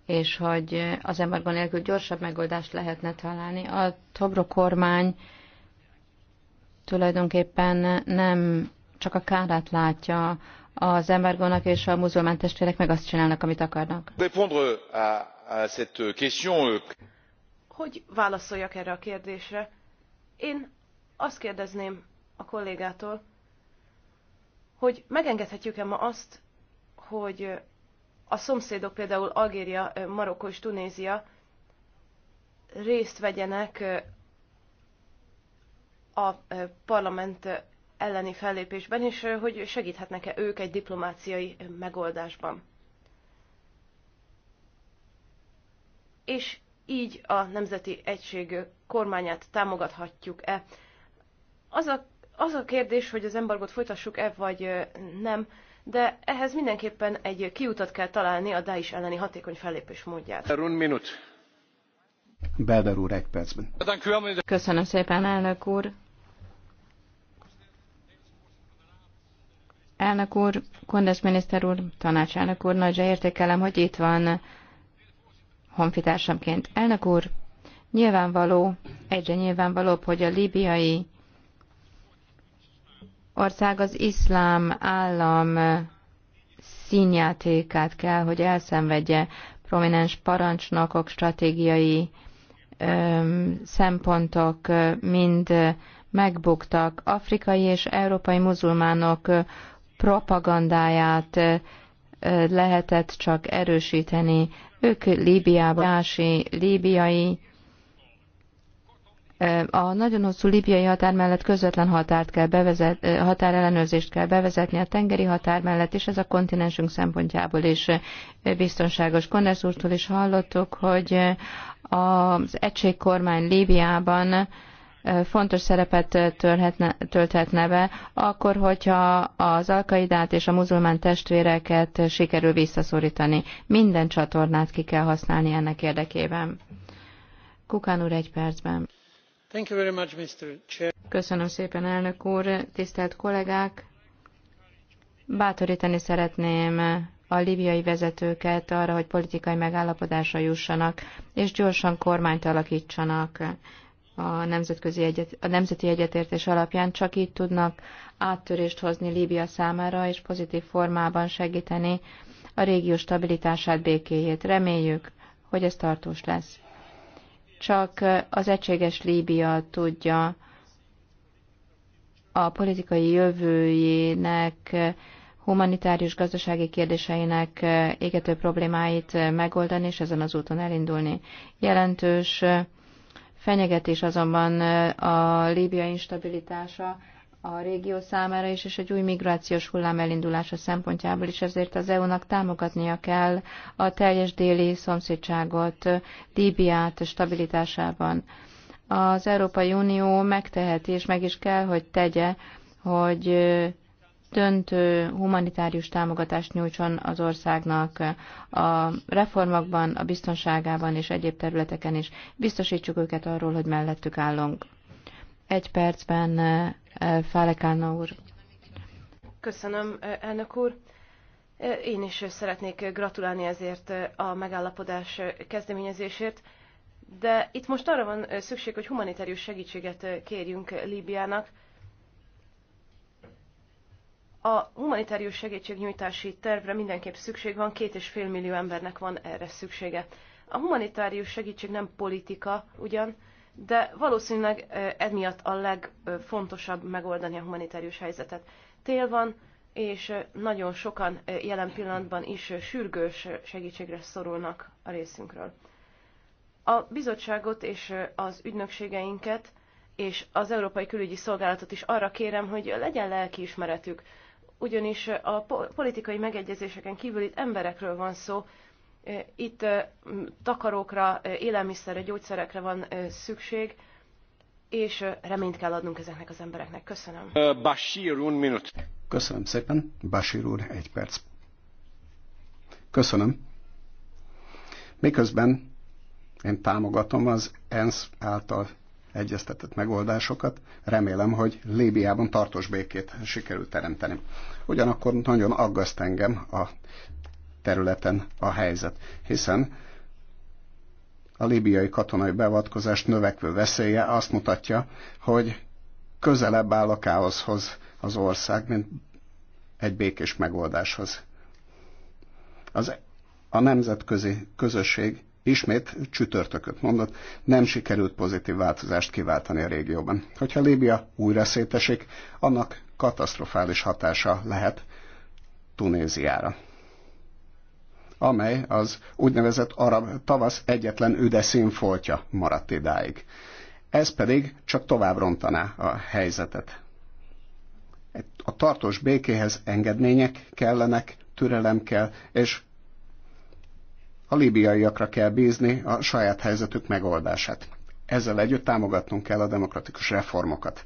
és hogy eh, az embargó nélkül gyorsabb megoldást lehetne találni. A Tobro kormány tulajdonképpen nem csak a kárát látja az embargónak, és a muzulmán testvérek meg azt csinálnak, amit akarnak. Euh, hogy válaszoljak erre a kérdésre? Én azt kérdezném a kollégától, hogy megengedhetjük-e ma azt, hogy a szomszédok, például Algéria, Marokko és Tunézia részt vegyenek a parlament elleni fellépésben, és hogy segíthetnek-e ők egy diplomáciai megoldásban. És így a Nemzeti Egység kormányát támogathatjuk-e. Az a, az a kérdés, hogy az embargot folytassuk-e vagy nem, de ehhez mindenképpen egy kiutat kell találni a Daesh elleni hatékony fellépés módját. Belder úr, egy percben. Köszönöm szépen, elnök úr. Elnök úr, Kondes miniszter úr, tanácselnök úr, nagyja értékelem, hogy itt van honfitársamként. Elnök úr, nyilvánvaló, egyre nyilvánvalóbb, hogy a líbiai ország az iszlám állam színjátékát kell, hogy elszenvedje prominens parancsnokok, stratégiai ö, szempontok mind megbuktak. Afrikai és európai muzulmánok propagandáját lehetett csak erősíteni. Ők Líbiában, mási líbiai, a nagyon hosszú líbiai határ mellett közvetlen határt kell bevezet, határellenőrzést kell bevezetni a tengeri határ mellett, és ez a kontinensünk szempontjából is biztonságos. Kondesz úrtól is hallottuk, hogy az egységkormány Líbiában fontos szerepet tölhetne, tölthetne be, akkor, hogyha az alkaidát és a muzulmán testvéreket sikerül visszaszorítani. Minden csatornát ki kell használni ennek érdekében. Kukán úr egy percben. Thank you very much, Mr. Chair. Köszönöm szépen, elnök úr, tisztelt kollégák! Bátorítani szeretném a libiai vezetőket arra, hogy politikai megállapodásra jussanak, és gyorsan kormányt alakítsanak a, nemzetközi egyet, a nemzeti egyetértés alapján csak így tudnak áttörést hozni Líbia számára, és pozitív formában segíteni a régió stabilitását, békéjét. Reméljük, hogy ez tartós lesz. Csak az egységes Líbia tudja a politikai jövőjének, humanitárius gazdasági kérdéseinek égető problémáit megoldani, és ezen az úton elindulni. Jelentős fenyegetés azonban a Líbia instabilitása a régió számára is, és egy új migrációs hullám elindulása szempontjából is, ezért az EU-nak támogatnia kell a teljes déli szomszédságot, Líbiát stabilitásában. Az Európai Unió megteheti, és meg is kell, hogy tegye, hogy döntő humanitárius támogatást nyújtson az országnak a reformokban, a biztonságában és egyéb területeken is. Biztosítsuk őket arról, hogy mellettük állunk. Egy percben eh, eh, Fálekána úr. Köszönöm, eh, elnök úr. Én is szeretnék gratulálni ezért a megállapodás kezdeményezésért, de itt most arra van szükség, hogy humanitárius segítséget kérjünk Líbiának, a humanitárius segítségnyújtási tervre mindenképp szükség van, két és fél millió embernek van erre szüksége. A humanitárius segítség nem politika ugyan, de valószínűleg emiatt a legfontosabb megoldani a humanitárius helyzetet. Tél van, és nagyon sokan jelen pillanatban is sürgős segítségre szorulnak a részünkről. A bizottságot és az ügynökségeinket és az Európai Külügyi Szolgálatot is arra kérem, hogy legyen lelkiismeretük, ugyanis a politikai megegyezéseken kívül itt emberekről van szó, e, itt e, takarókra, e, élelmiszerre, gyógyszerekre van szükség, és reményt kell adnunk ezeknek az embereknek. Köszönöm. Bashir, un minut. Köszönöm szépen. Bashir úr, egy perc. Köszönöm. Miközben én támogatom az ENSZ által egyeztetett megoldásokat. Remélem, hogy Líbiában tartós békét sikerült teremteni. Ugyanakkor nagyon aggaszt engem a területen a helyzet, hiszen a líbiai katonai beavatkozás növekvő veszélye azt mutatja, hogy közelebb áll a káoszhoz az ország, mint egy békés megoldáshoz. Az, a nemzetközi közösség Ismét csütörtököt mondott, nem sikerült pozitív változást kiváltani a régióban. Hogyha Líbia újra szétesik, annak katasztrofális hatása lehet Tunéziára amely az úgynevezett arab tavasz egyetlen üde színfoltja maradt idáig. Ez pedig csak tovább rontaná a helyzetet. A tartós békéhez engedmények kellenek, türelem kell, és a líbiaiakra kell bízni a saját helyzetük megoldását. Ezzel együtt támogatnunk kell a demokratikus reformokat,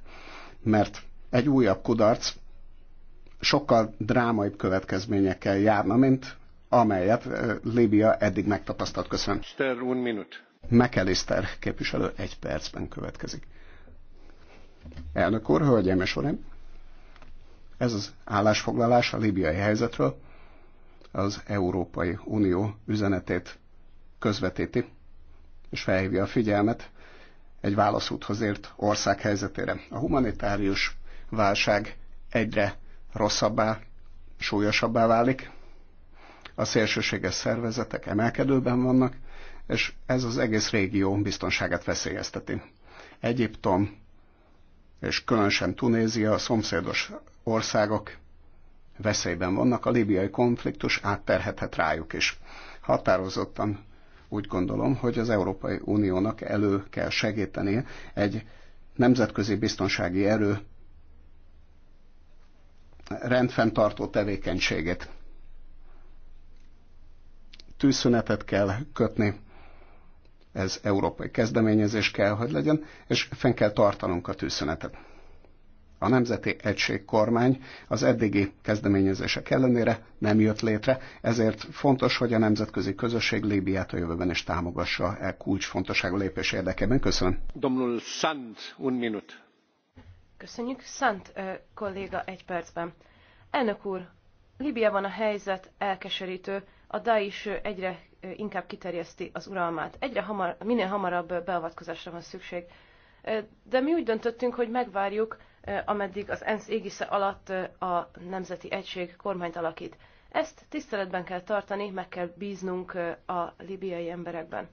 mert egy újabb kudarc sokkal drámaibb következményekkel járna, mint amelyet Líbia eddig megtapasztalt. Köszönöm. Ster, un minut. McAllister képviselő egy percben következik. Elnök úr, hölgyeim és uraim! Ez az állásfoglalás a libiai helyzetről az Európai Unió üzenetét közvetíti, és felhívja a figyelmet egy válaszúthoz ért ország helyzetére. A humanitárius válság egyre rosszabbá, súlyosabbá válik, a szélsőséges szervezetek emelkedőben vannak, és ez az egész régió biztonságát veszélyezteti. Egyiptom és különösen Tunézia, a szomszédos országok veszélyben vannak, a libiai konfliktus átterhethet rájuk is. Határozottan úgy gondolom, hogy az Európai Uniónak elő kell segíteni egy nemzetközi biztonsági erő rendfenntartó tevékenységet. Tűzszünetet kell kötni, ez európai kezdeményezés kell, hogy legyen, és fenn kell tartanunk a tűzszünetet. A Nemzeti Egység kormány az eddigi kezdeményezések ellenére nem jött létre, ezért fontos, hogy a nemzetközi közösség Líbiát a jövőben is támogassa e kulcsfontosságú lépés érdekében. Köszönöm. Domnul Sand, un minut. Köszönjük. Szent kolléga egy percben. Elnök úr, Libiában a helyzet elkeserítő, a Daesh egyre inkább kiterjeszti az uralmát. Egyre hamar, minél hamarabb beavatkozásra van szükség. De mi úgy döntöttünk, hogy megvárjuk Eh, ameddig az ENSZ égisze alatt eh, a Nemzeti Egység kormányt alakít. Ezt tiszteletben kell tartani, meg kell bíznunk eh, a libiai emberekben.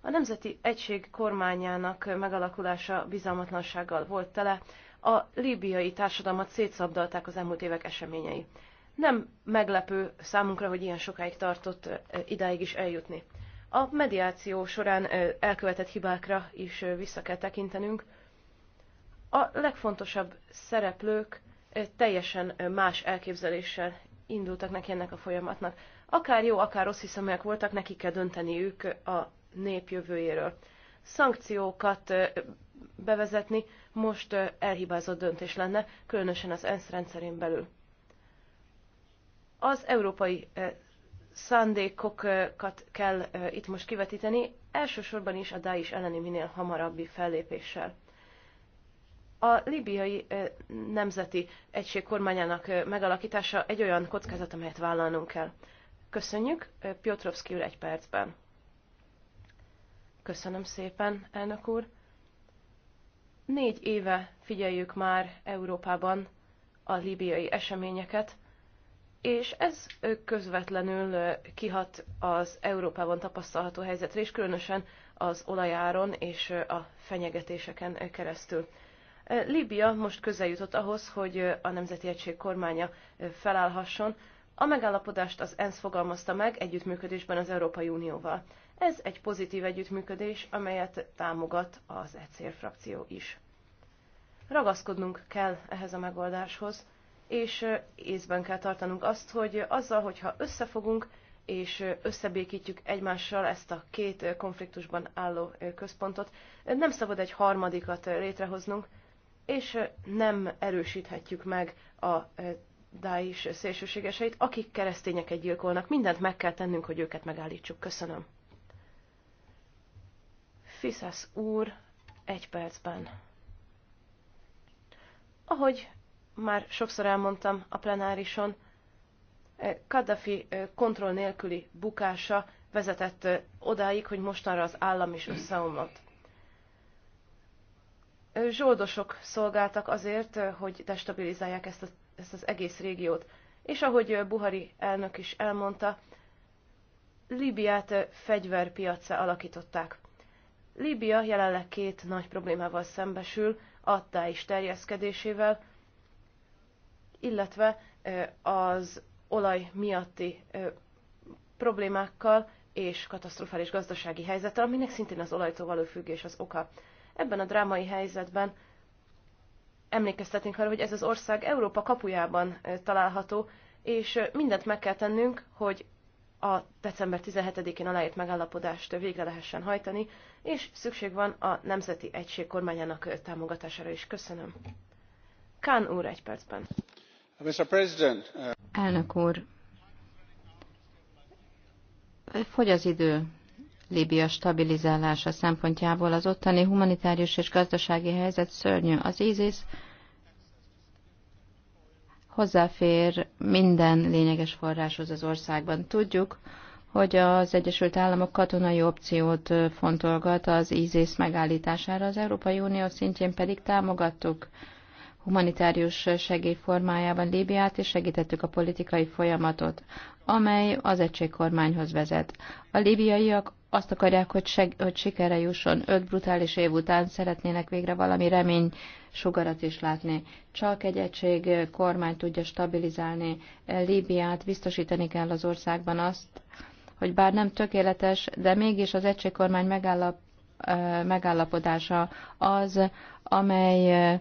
A Nemzeti Egység kormányának megalakulása bizalmatlansággal volt tele, a líbiai társadalmat szétszabdalták az elmúlt évek eseményei. Nem meglepő számunkra, hogy ilyen sokáig tartott idáig is eljutni. A mediáció során elkövetett hibákra is vissza kell tekintenünk, a legfontosabb szereplők teljesen más elképzeléssel indultak neki ennek a folyamatnak. Akár jó, akár rossz amelyek voltak, nekik kell dönteniük a nép jövőjéről. Szankciókat bevezetni most elhibázott döntés lenne, különösen az ENSZ rendszerén belül. Az európai szándékokat kell itt most kivetíteni, elsősorban is a DAIS elleni minél hamarabbi fellépéssel. A libiai nemzeti egység kormányának megalakítása egy olyan kockázat, amelyet vállalnunk kell. Köszönjük, Piotrowski úr egy percben. Köszönöm szépen, elnök úr. Négy éve figyeljük már Európában a libiai eseményeket, és ez közvetlenül kihat az Európában tapasztalható helyzetre, és különösen az olajáron és a fenyegetéseken keresztül. Líbia most közel jutott ahhoz, hogy a Nemzeti Egység kormánya felállhasson. A megállapodást az ENSZ fogalmazta meg együttműködésben az Európai Unióval. Ez egy pozitív együttműködés, amelyet támogat az ECR frakció is. Ragaszkodnunk kell ehhez a megoldáshoz, és észben kell tartanunk azt, hogy azzal, hogyha összefogunk és összebékítjük egymással ezt a két konfliktusban álló központot, nem szabad egy harmadikat létrehoznunk, és nem erősíthetjük meg a Daesh szélsőségeseit, akik keresztényeket gyilkolnak. Mindent meg kell tennünk, hogy őket megállítsuk. Köszönöm. Fiszász úr, egy percben. Ahogy már sokszor elmondtam a plenárison, Kaddafi kontroll nélküli bukása vezetett odáig, hogy mostanra az állam is összeomlott zsoldosok szolgáltak azért, hogy destabilizálják ezt, a, ezt az egész régiót. És ahogy Buhari elnök is elmondta, Líbiát fegyverpiacra alakították. Líbia jelenleg két nagy problémával szembesül, attá is terjeszkedésével, illetve az olaj miatti problémákkal és katasztrofális gazdasági helyzettel, aminek szintén az olajtól való függés az oka. Ebben a drámai helyzetben emlékeztetnénk arra, hogy ez az ország Európa kapujában található, és mindent meg kell tennünk, hogy a december 17-én aláírt megállapodást végre lehessen hajtani, és szükség van a Nemzeti Egység kormányának támogatására is. Köszönöm. Kán úr, egy percben. Mr. President. Uh, Elnök úr, fogy az idő. Líbia stabilizálása szempontjából az ottani humanitárius és gazdasági helyzet szörnyű. Az ISIS hozzáfér minden lényeges forráshoz az országban. Tudjuk, hogy az Egyesült Államok katonai opciót fontolgat az ISIS megállítására, az Európai Unió szintjén pedig támogattuk humanitárius segély formájában Líbiát, és segítettük a politikai folyamatot, amely az egységkormányhoz vezet. A líbiaiak azt akarják, hogy, seg- hogy sikere jusson. Öt brutális év után szeretnének végre valami remény sugarat is látni. Csak egy egység kormány tudja stabilizálni Líbiát, biztosítani kell az országban azt, hogy bár nem tökéletes, de mégis az egységkormány megállap, megállapodása az, amely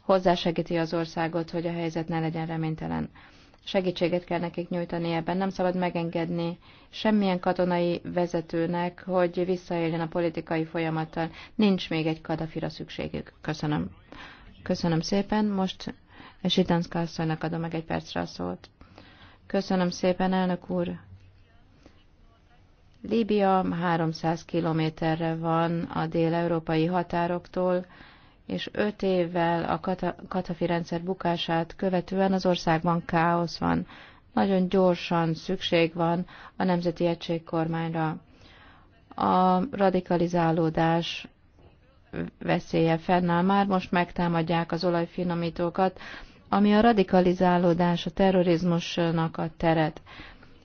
hozzásegíti az országot, hogy a helyzet ne legyen reménytelen segítséget kell nekik nyújtani ebben. Nem szabad megengedni semmilyen katonai vezetőnek, hogy visszaéljen a politikai folyamattal. Nincs még egy Kadafira szükségük. Köszönöm. Köszönöm szépen. Most Zsidanszka asszonynak adom meg egy percre a szót. Köszönöm szépen, elnök úr. Líbia 300 kilométerre van a dél-európai határoktól, és öt évvel a Katafi rendszer bukását követően az országban káosz van. Nagyon gyorsan szükség van a Nemzeti Egység kormányra. A radikalizálódás veszélye fennáll. Már most megtámadják az olajfinomítókat, ami a radikalizálódás, a terrorizmusnak a teret.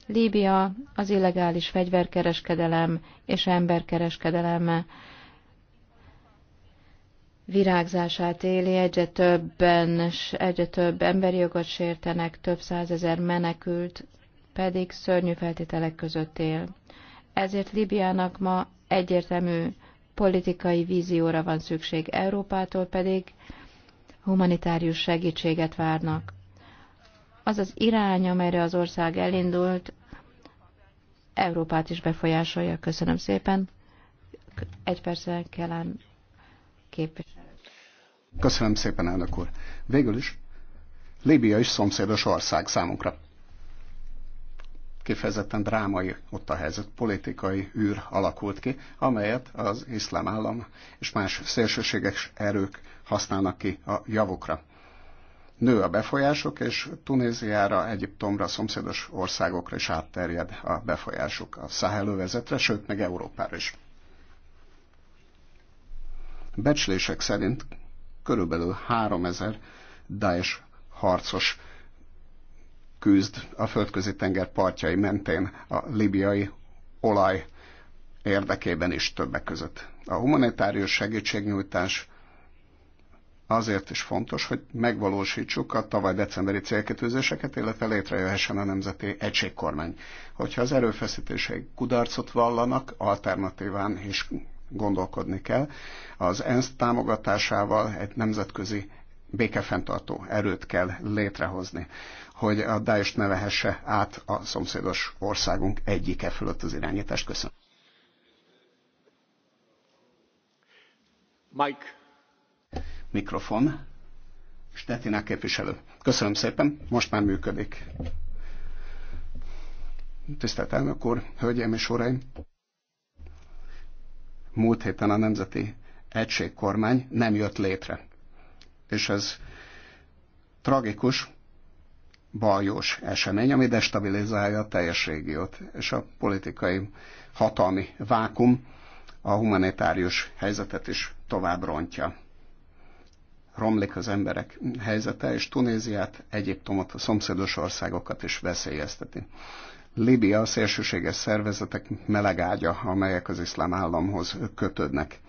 Líbia az illegális fegyverkereskedelem és emberkereskedelem virágzását éli, egyre többen, egyre több emberi jogot sértenek, több százezer menekült pedig szörnyű feltételek között él. Ezért Libiának ma egyértelmű politikai vízióra van szükség, Európától pedig humanitárius segítséget várnak. Az az irány, amelyre az ország elindult, Európát is befolyásolja. Köszönöm szépen. Egy percen kellem képviselni. Köszönöm szépen, elnök úr. Végül is, Líbia is szomszédos ország számunkra. Kifejezetten drámai ott a helyzet, politikai űr alakult ki, amelyet az iszlám állam és más szélsőséges erők használnak ki a javukra. Nő a befolyások, és Tunéziára, Egyiptomra, szomszédos országokra is átterjed a befolyásuk, a száhelővezetre, sőt, meg Európára is. Becslések szerint körülbelül 3000 Daesh harcos küzd a földközi tenger partjai mentén a libiai olaj érdekében is többek között. A humanitárius segítségnyújtás azért is fontos, hogy megvalósítsuk a tavaly decemberi célkitűzéseket, illetve létrejöhessen a Nemzeti Egységkormány. Hogyha az erőfeszítéseik kudarcot vallanak, alternatíván is gondolkodni kell. Az ENSZ támogatásával egy nemzetközi békefenntartó erőt kell létrehozni, hogy a Daesh ne vehesse át a szomszédos országunk egyike fölött az irányítást. Köszönöm. Mike. Mikrofon. Stetinák képviselő. Köszönöm szépen, most már működik. Tisztelt elnök úr, hölgyeim és uraim! múlt héten a Nemzeti Egységkormány nem jött létre. És ez tragikus, baljós esemény, ami destabilizálja a teljes régiót, és a politikai hatalmi vákum a humanitárius helyzetet is tovább rontja. Romlik az emberek helyzete, és Tunéziát, Egyiptomot, a szomszédos országokat is veszélyezteti. Libia a szélsőséges szervezetek melegágya, amelyek az iszlám államhoz kötődnek.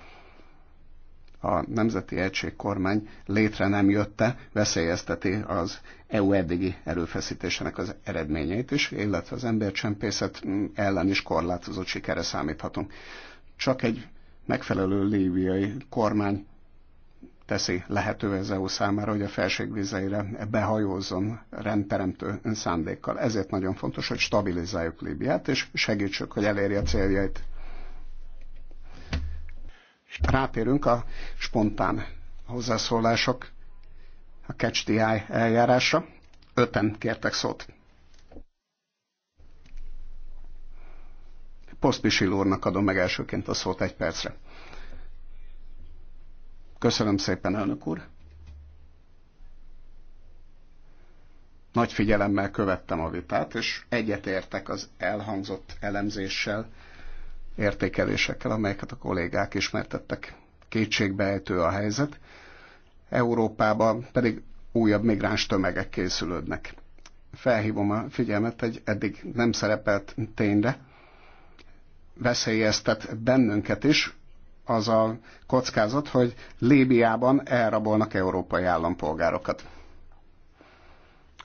A Nemzeti Egység kormány létre nem jötte, veszélyezteti az EU eddigi erőfeszítésének az eredményeit is, illetve az embercsempészet ellen is korlátozott sikere számíthatunk. Csak egy megfelelő líbiai kormány teszi lehetővé az EU számára, hogy a felségvizeire behajózzon rendteremtő szándékkal. Ezért nagyon fontos, hogy stabilizáljuk Líbiát, és segítsük, hogy elérje a céljait. Rátérünk a spontán hozzászólások a Catch the Eye eljárása. Öten kértek szót. Poszpisil úrnak adom meg elsőként a szót egy percre. Köszönöm szépen, elnök úr. Nagy figyelemmel követtem a vitát, és egyetértek az elhangzott elemzéssel, értékelésekkel, amelyeket a kollégák ismertettek. Kétségbeejtő a helyzet. Európában pedig újabb migráns tömegek készülődnek. Felhívom a figyelmet egy eddig nem szerepelt tényre, veszélyeztet bennünket is az a kockázat, hogy Líbiában elrabolnak európai állampolgárokat.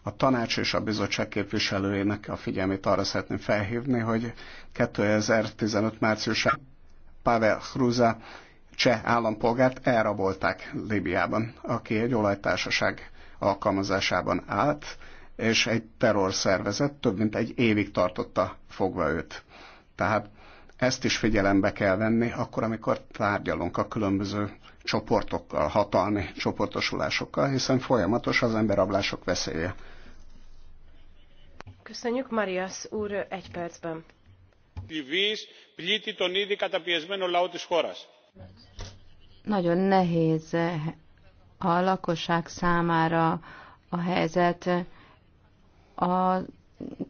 A tanács és a bizottság képviselőjének a figyelmét arra szeretném felhívni, hogy 2015 márciusában Pavel Hruza cseh állampolgárt elrabolták Líbiában, aki egy olajtársaság alkalmazásában állt, és egy terrorszervezet több mint egy évig tartotta fogva őt. Tehát ezt is figyelembe kell venni, akkor, amikor tárgyalunk a különböző csoportokkal, hatalmi csoportosulásokkal, hiszen folyamatos az emberablások veszélye. Köszönjük, Marias úr, egy percben. Nagyon nehéz a lakosság számára a helyzet. A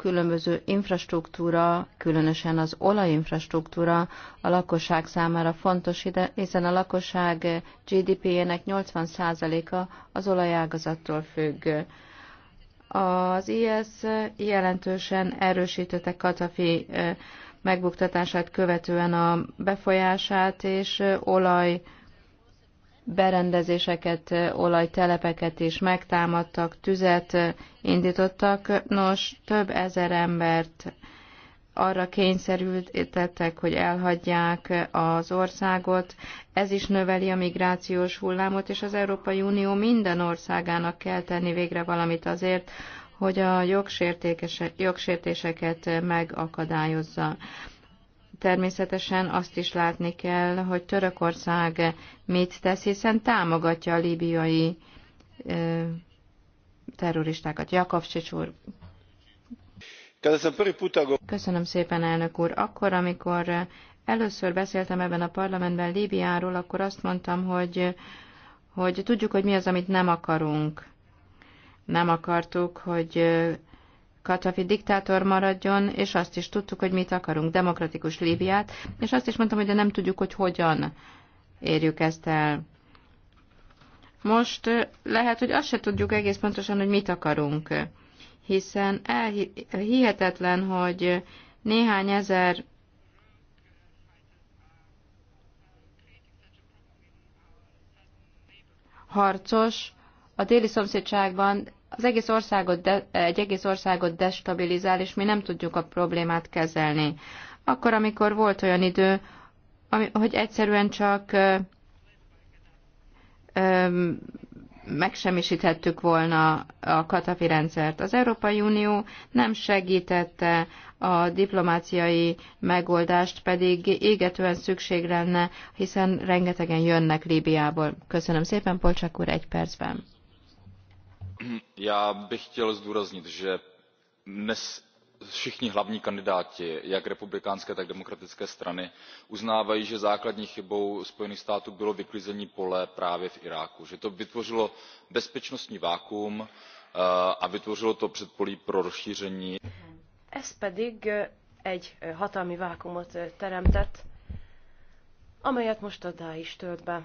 különböző infrastruktúra, különösen az olajinfrastruktúra a lakosság számára fontos, hiszen a lakosság GDP-jének 80%-a az olajágazattól függ. Az IS jelentősen erősítette Katafi eh, megbuktatását követően a befolyását, és eh, olaj berendezéseket, olajtelepeket is megtámadtak, tüzet indítottak. Nos, több ezer embert arra kényszerültettek, hogy elhagyják az országot. Ez is növeli a migrációs hullámot, és az Európai Unió minden országának kell tenni végre valamit azért, hogy a jogsértéseket megakadályozza természetesen azt is látni kell, hogy Törökország mit tesz, hiszen támogatja a líbiai ö, terroristákat. Jakobcsics úr. Köszönöm szépen, elnök úr. Akkor, amikor először beszéltem ebben a parlamentben Líbiáról, akkor azt mondtam, hogy, hogy tudjuk, hogy mi az, amit nem akarunk. Nem akartuk, hogy Katafi diktátor maradjon, és azt is tudtuk, hogy mit akarunk, demokratikus Líbiát, és azt is mondtam, hogy de nem tudjuk, hogy hogyan érjük ezt el. Most lehet, hogy azt se tudjuk egész pontosan, hogy mit akarunk, hiszen hihetetlen, hogy néhány ezer harcos a déli szomszédságban az egész országot de, egy egész országot destabilizál, és mi nem tudjuk a problémát kezelni. Akkor, amikor volt olyan idő, ami, hogy egyszerűen csak ö, ö, megsemmisíthettük volna a Katafi rendszert. Az Európai Unió nem segítette a diplomáciai megoldást, pedig égetően szükség lenne, hiszen rengetegen jönnek Líbiából. Köszönöm szépen, polcsak úr, egy percben já bych chtěl zdůraznit že dnes všichni hlavní kandidáti jak republikánské tak demokratické strany uznávají že základní chybou spojených států bylo vyklizení pole právě v iráku že to vytvořilo bezpečnostní vakuum eh, a vytvořilo to předpolí pro rozšíření. ez pedig egy hatalmi vákuumot teremtett amelyet most a Daesh tölt be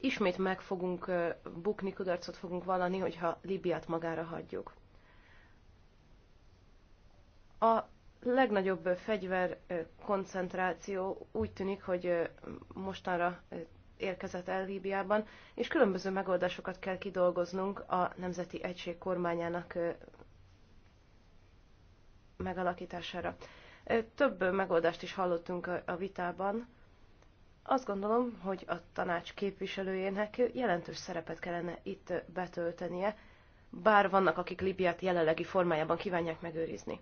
ismét meg fogunk bukni, kudarcot fogunk vallani, hogyha Libiát magára hagyjuk. A legnagyobb fegyver koncentráció úgy tűnik, hogy mostanra érkezett el Líbiában, és különböző megoldásokat kell kidolgoznunk a Nemzeti Egység kormányának megalakítására. Több megoldást is hallottunk a vitában, azt gondolom, hogy a tanács képviselőjének jelentős szerepet kellene itt betöltenie, bár vannak, akik Libiát jelenlegi formájában kívánják megőrizni.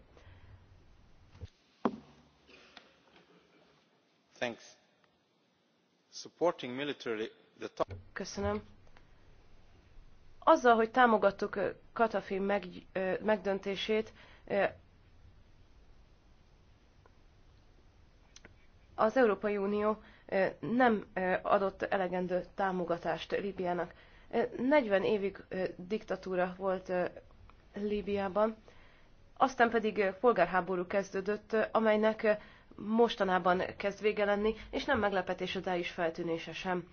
Thanks. Supporting militarily the Köszönöm. Azzal, hogy támogattuk Katafi meg, megdöntését, az Európai Unió nem adott elegendő támogatást Líbiának. 40 évig diktatúra volt Líbiában, aztán pedig polgárháború kezdődött, amelynek mostanában kezd vége lenni, és nem meglepetés a is feltűnése sem.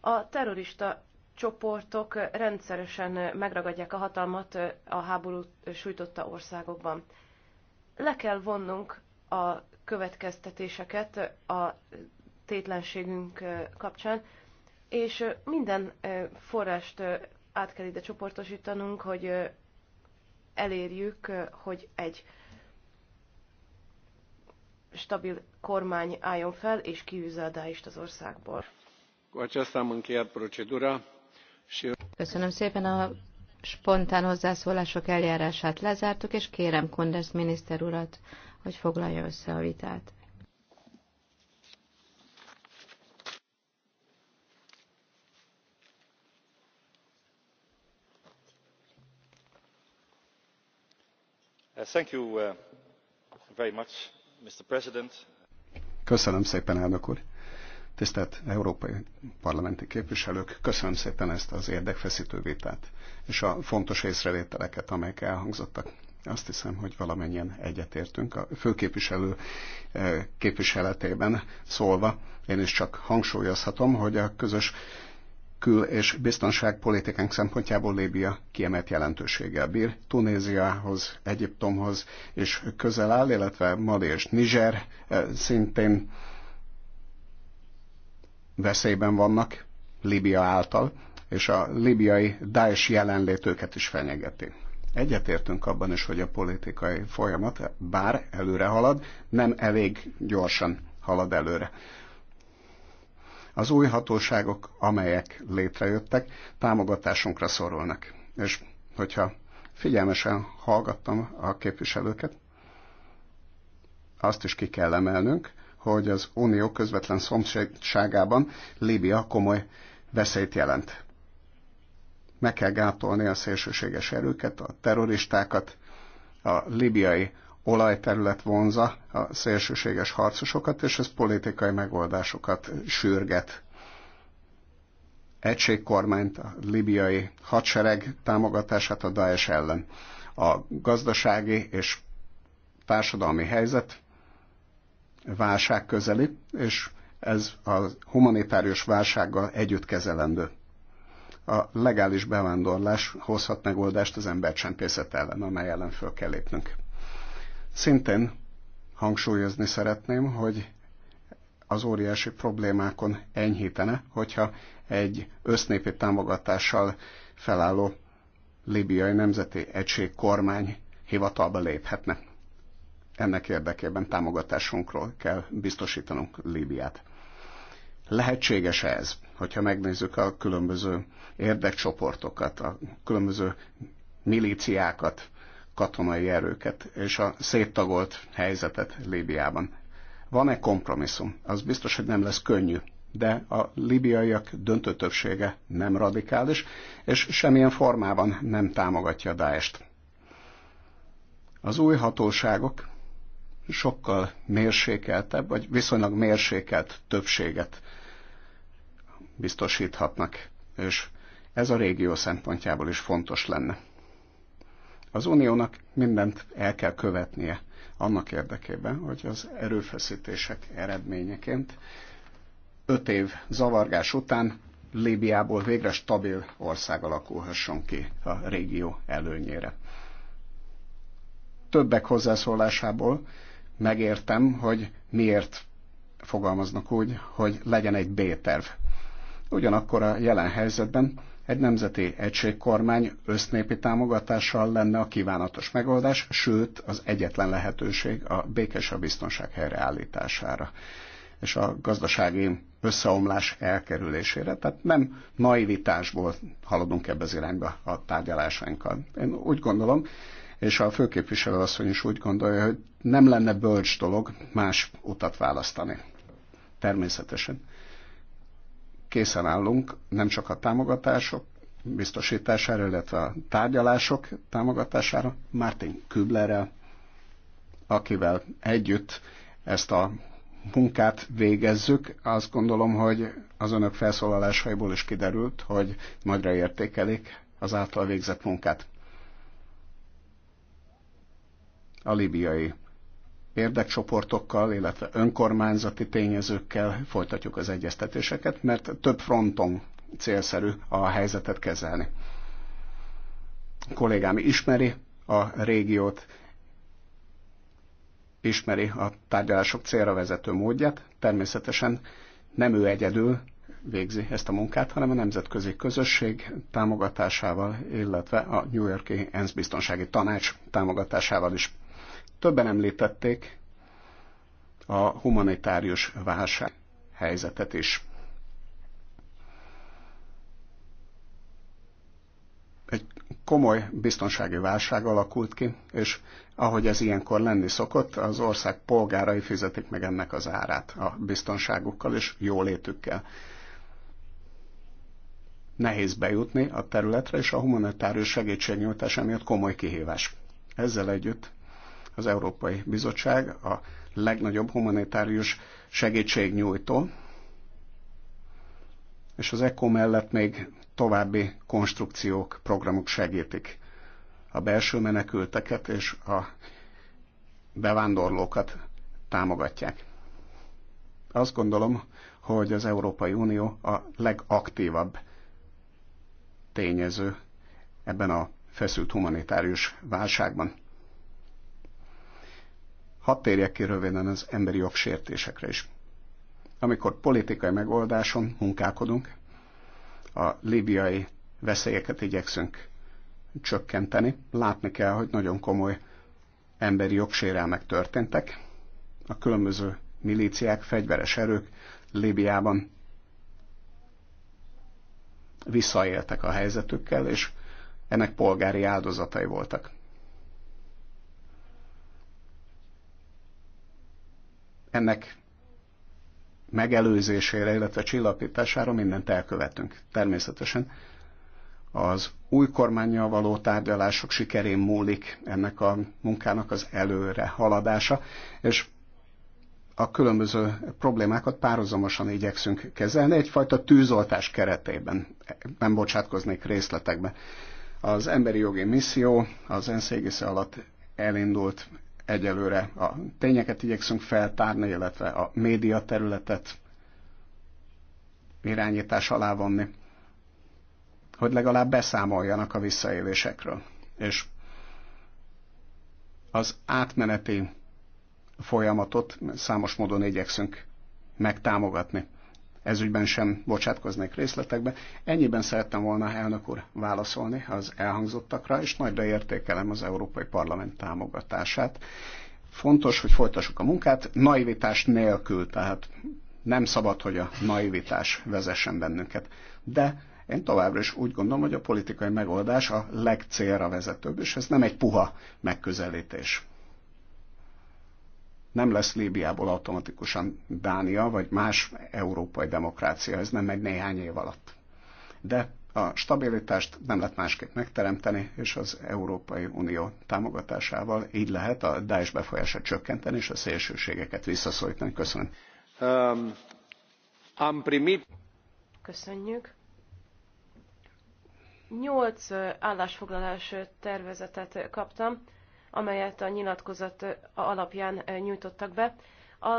A terrorista csoportok rendszeresen megragadják a hatalmat a háború sújtotta országokban. Le kell vonnunk a következtetéseket a tétlenségünk kapcsán, és minden forrást át kell ide csoportosítanunk, hogy elérjük, hogy egy stabil kormány álljon fel, és kiűzze a Dáist az országból. Köszönöm szépen a spontán hozzászólások eljárását lezártuk, és kérem Kondesz miniszter urat, hogy foglalja össze a vitát. Uh, uh, köszönöm szépen, elnök úr! Tisztelt európai parlamenti képviselők, köszönöm szépen ezt az érdekfeszítő vitát, és a fontos észrevételeket, amelyek elhangzottak. Azt hiszem, hogy valamennyien egyetértünk. A főképviselő uh, képviseletében szólva, én is csak hangsúlyozhatom, hogy a közös kül- és biztonságpolitikánk szempontjából Líbia kiemelt jelentőséggel bír. Tunéziához, Egyiptomhoz és közel áll, illetve Mali és Niger eh, szintén veszélyben vannak Líbia által, és a libiai Daesh jelenlétőket is fenyegeti. Egyetértünk abban is, hogy a politikai folyamat, bár előre halad, nem elég gyorsan halad előre. Az új hatóságok, amelyek létrejöttek, támogatásunkra szorulnak. És hogyha figyelmesen hallgattam a képviselőket, azt is ki kell emelnünk, hogy az Unió közvetlen szomszédságában Líbia komoly veszélyt jelent. Meg kell gátolni a szélsőséges erőket, a terroristákat, a libiai olajterület vonza a szélsőséges harcosokat, és ez politikai megoldásokat sürget. Egységkormányt, a libiai hadsereg támogatását a Daesh ellen. A gazdasági és társadalmi helyzet válság közeli, és ez a humanitárius válsággal együtt kezelendő. A legális bevándorlás hozhat megoldást az embercsempészet ellen, amely ellen föl kell lépnünk. Szintén hangsúlyozni szeretném, hogy az óriási problémákon enyhítene, hogyha egy össznépi támogatással felálló libiai nemzeti egység kormány hivatalba léphetne. Ennek érdekében támogatásunkról kell biztosítanunk Líbiát. Lehetséges -e ez, hogyha megnézzük a különböző érdekcsoportokat, a különböző milíciákat, katonai erőket és a széttagolt helyzetet Líbiában. Van-e kompromisszum? Az biztos, hogy nem lesz könnyű, de a libiaiak döntő többsége nem radikális, és semmilyen formában nem támogatja Daest. Az új hatóságok sokkal mérsékeltebb, vagy viszonylag mérsékelt többséget biztosíthatnak, és ez a régió szempontjából is fontos lenne. Az uniónak mindent el kell követnie annak érdekében, hogy az erőfeszítések eredményeként öt év zavargás után Líbiából végre stabil ország alakulhasson ki a régió előnyére. Többek hozzászólásából megértem, hogy miért fogalmaznak úgy, hogy legyen egy B-terv. Ugyanakkor a jelen helyzetben egy nemzeti egységkormány össznépi támogatással lenne a kívánatos megoldás, sőt az egyetlen lehetőség a békés a biztonság helyreállítására és a gazdasági összeomlás elkerülésére. Tehát nem naivitásból haladunk ebbe az irányba a tárgyalásainkkal. Én úgy gondolom, és a főképviselő asszony is úgy gondolja, hogy nem lenne bölcs dolog más utat választani. Természetesen készen állunk nem csak a támogatások biztosítására, illetve a tárgyalások támogatására Martin Küblerrel, akivel együtt ezt a munkát végezzük. Azt gondolom, hogy az önök felszólalásaiból is kiderült, hogy nagyra értékelik az által végzett munkát. A libiai érdekcsoportokkal, illetve önkormányzati tényezőkkel folytatjuk az egyeztetéseket, mert több fronton célszerű a helyzetet kezelni. A kollégám ismeri a régiót, ismeri a tárgyalások célra vezető módját, természetesen nem ő egyedül végzi ezt a munkát, hanem a nemzetközi közösség támogatásával, illetve a New Yorki ENSZ biztonsági tanács támogatásával is. Többen említették a humanitárius válság helyzetet is. Egy komoly biztonsági válság alakult ki, és ahogy ez ilyenkor lenni szokott, az ország polgárai fizetik meg ennek az árát a biztonságukkal és jólétükkel nehéz bejutni a területre, és a humanitárius segítségnyújtás miatt komoly kihívás. Ezzel együtt az Európai Bizottság a legnagyobb humanitárius segítségnyújtó, és az ECO mellett még további konstrukciók, programok segítik a belső menekülteket és a bevándorlókat támogatják. Azt gondolom, hogy az Európai Unió a legaktívabb tényező ebben a feszült humanitárius válságban. Hadd térjek ki röviden az emberi jogsértésekre is. Amikor politikai megoldáson munkálkodunk, a líbiai veszélyeket igyekszünk csökkenteni, látni kell, hogy nagyon komoly emberi jogsérelmek történtek. A különböző milíciák, fegyveres erők Líbiában visszaéltek a helyzetükkel, és ennek polgári áldozatai voltak. ennek megelőzésére, illetve csillapítására mindent elkövetünk. Természetesen az új kormányjal való tárgyalások sikerén múlik ennek a munkának az előre haladása, és a különböző problémákat párhuzamosan igyekszünk kezelni, egyfajta tűzoltás keretében, nem bocsátkoznék részletekbe. Az emberi jogi misszió az enszégisze alatt elindult egyelőre a tényeket igyekszünk feltárni, illetve a média területet irányítás alá vonni, hogy legalább beszámoljanak a visszaélésekről. És az átmeneti folyamatot számos módon igyekszünk megtámogatni ezügyben sem bocsátkoznék részletekbe. Ennyiben szerettem volna, elnök úr, válaszolni az elhangzottakra, és nagyra értékelem az Európai Parlament támogatását. Fontos, hogy folytassuk a munkát, naivitás nélkül, tehát nem szabad, hogy a naivitás vezessen bennünket. De én továbbra is úgy gondolom, hogy a politikai megoldás a legcélra vezetőbb, és ez nem egy puha megközelítés nem lesz Líbiából automatikusan Dánia, vagy más európai demokrácia, ez nem egy néhány év alatt. De a stabilitást nem lehet másképp megteremteni, és az Európai Unió támogatásával így lehet a Daesh befolyását csökkenteni, és a szélsőségeket visszaszorítani. Köszönöm. Um, primit... Köszönjük. Nyolc állásfoglalás tervezetet kaptam amelyet a nyilatkozat alapján eh, nyújtottak be.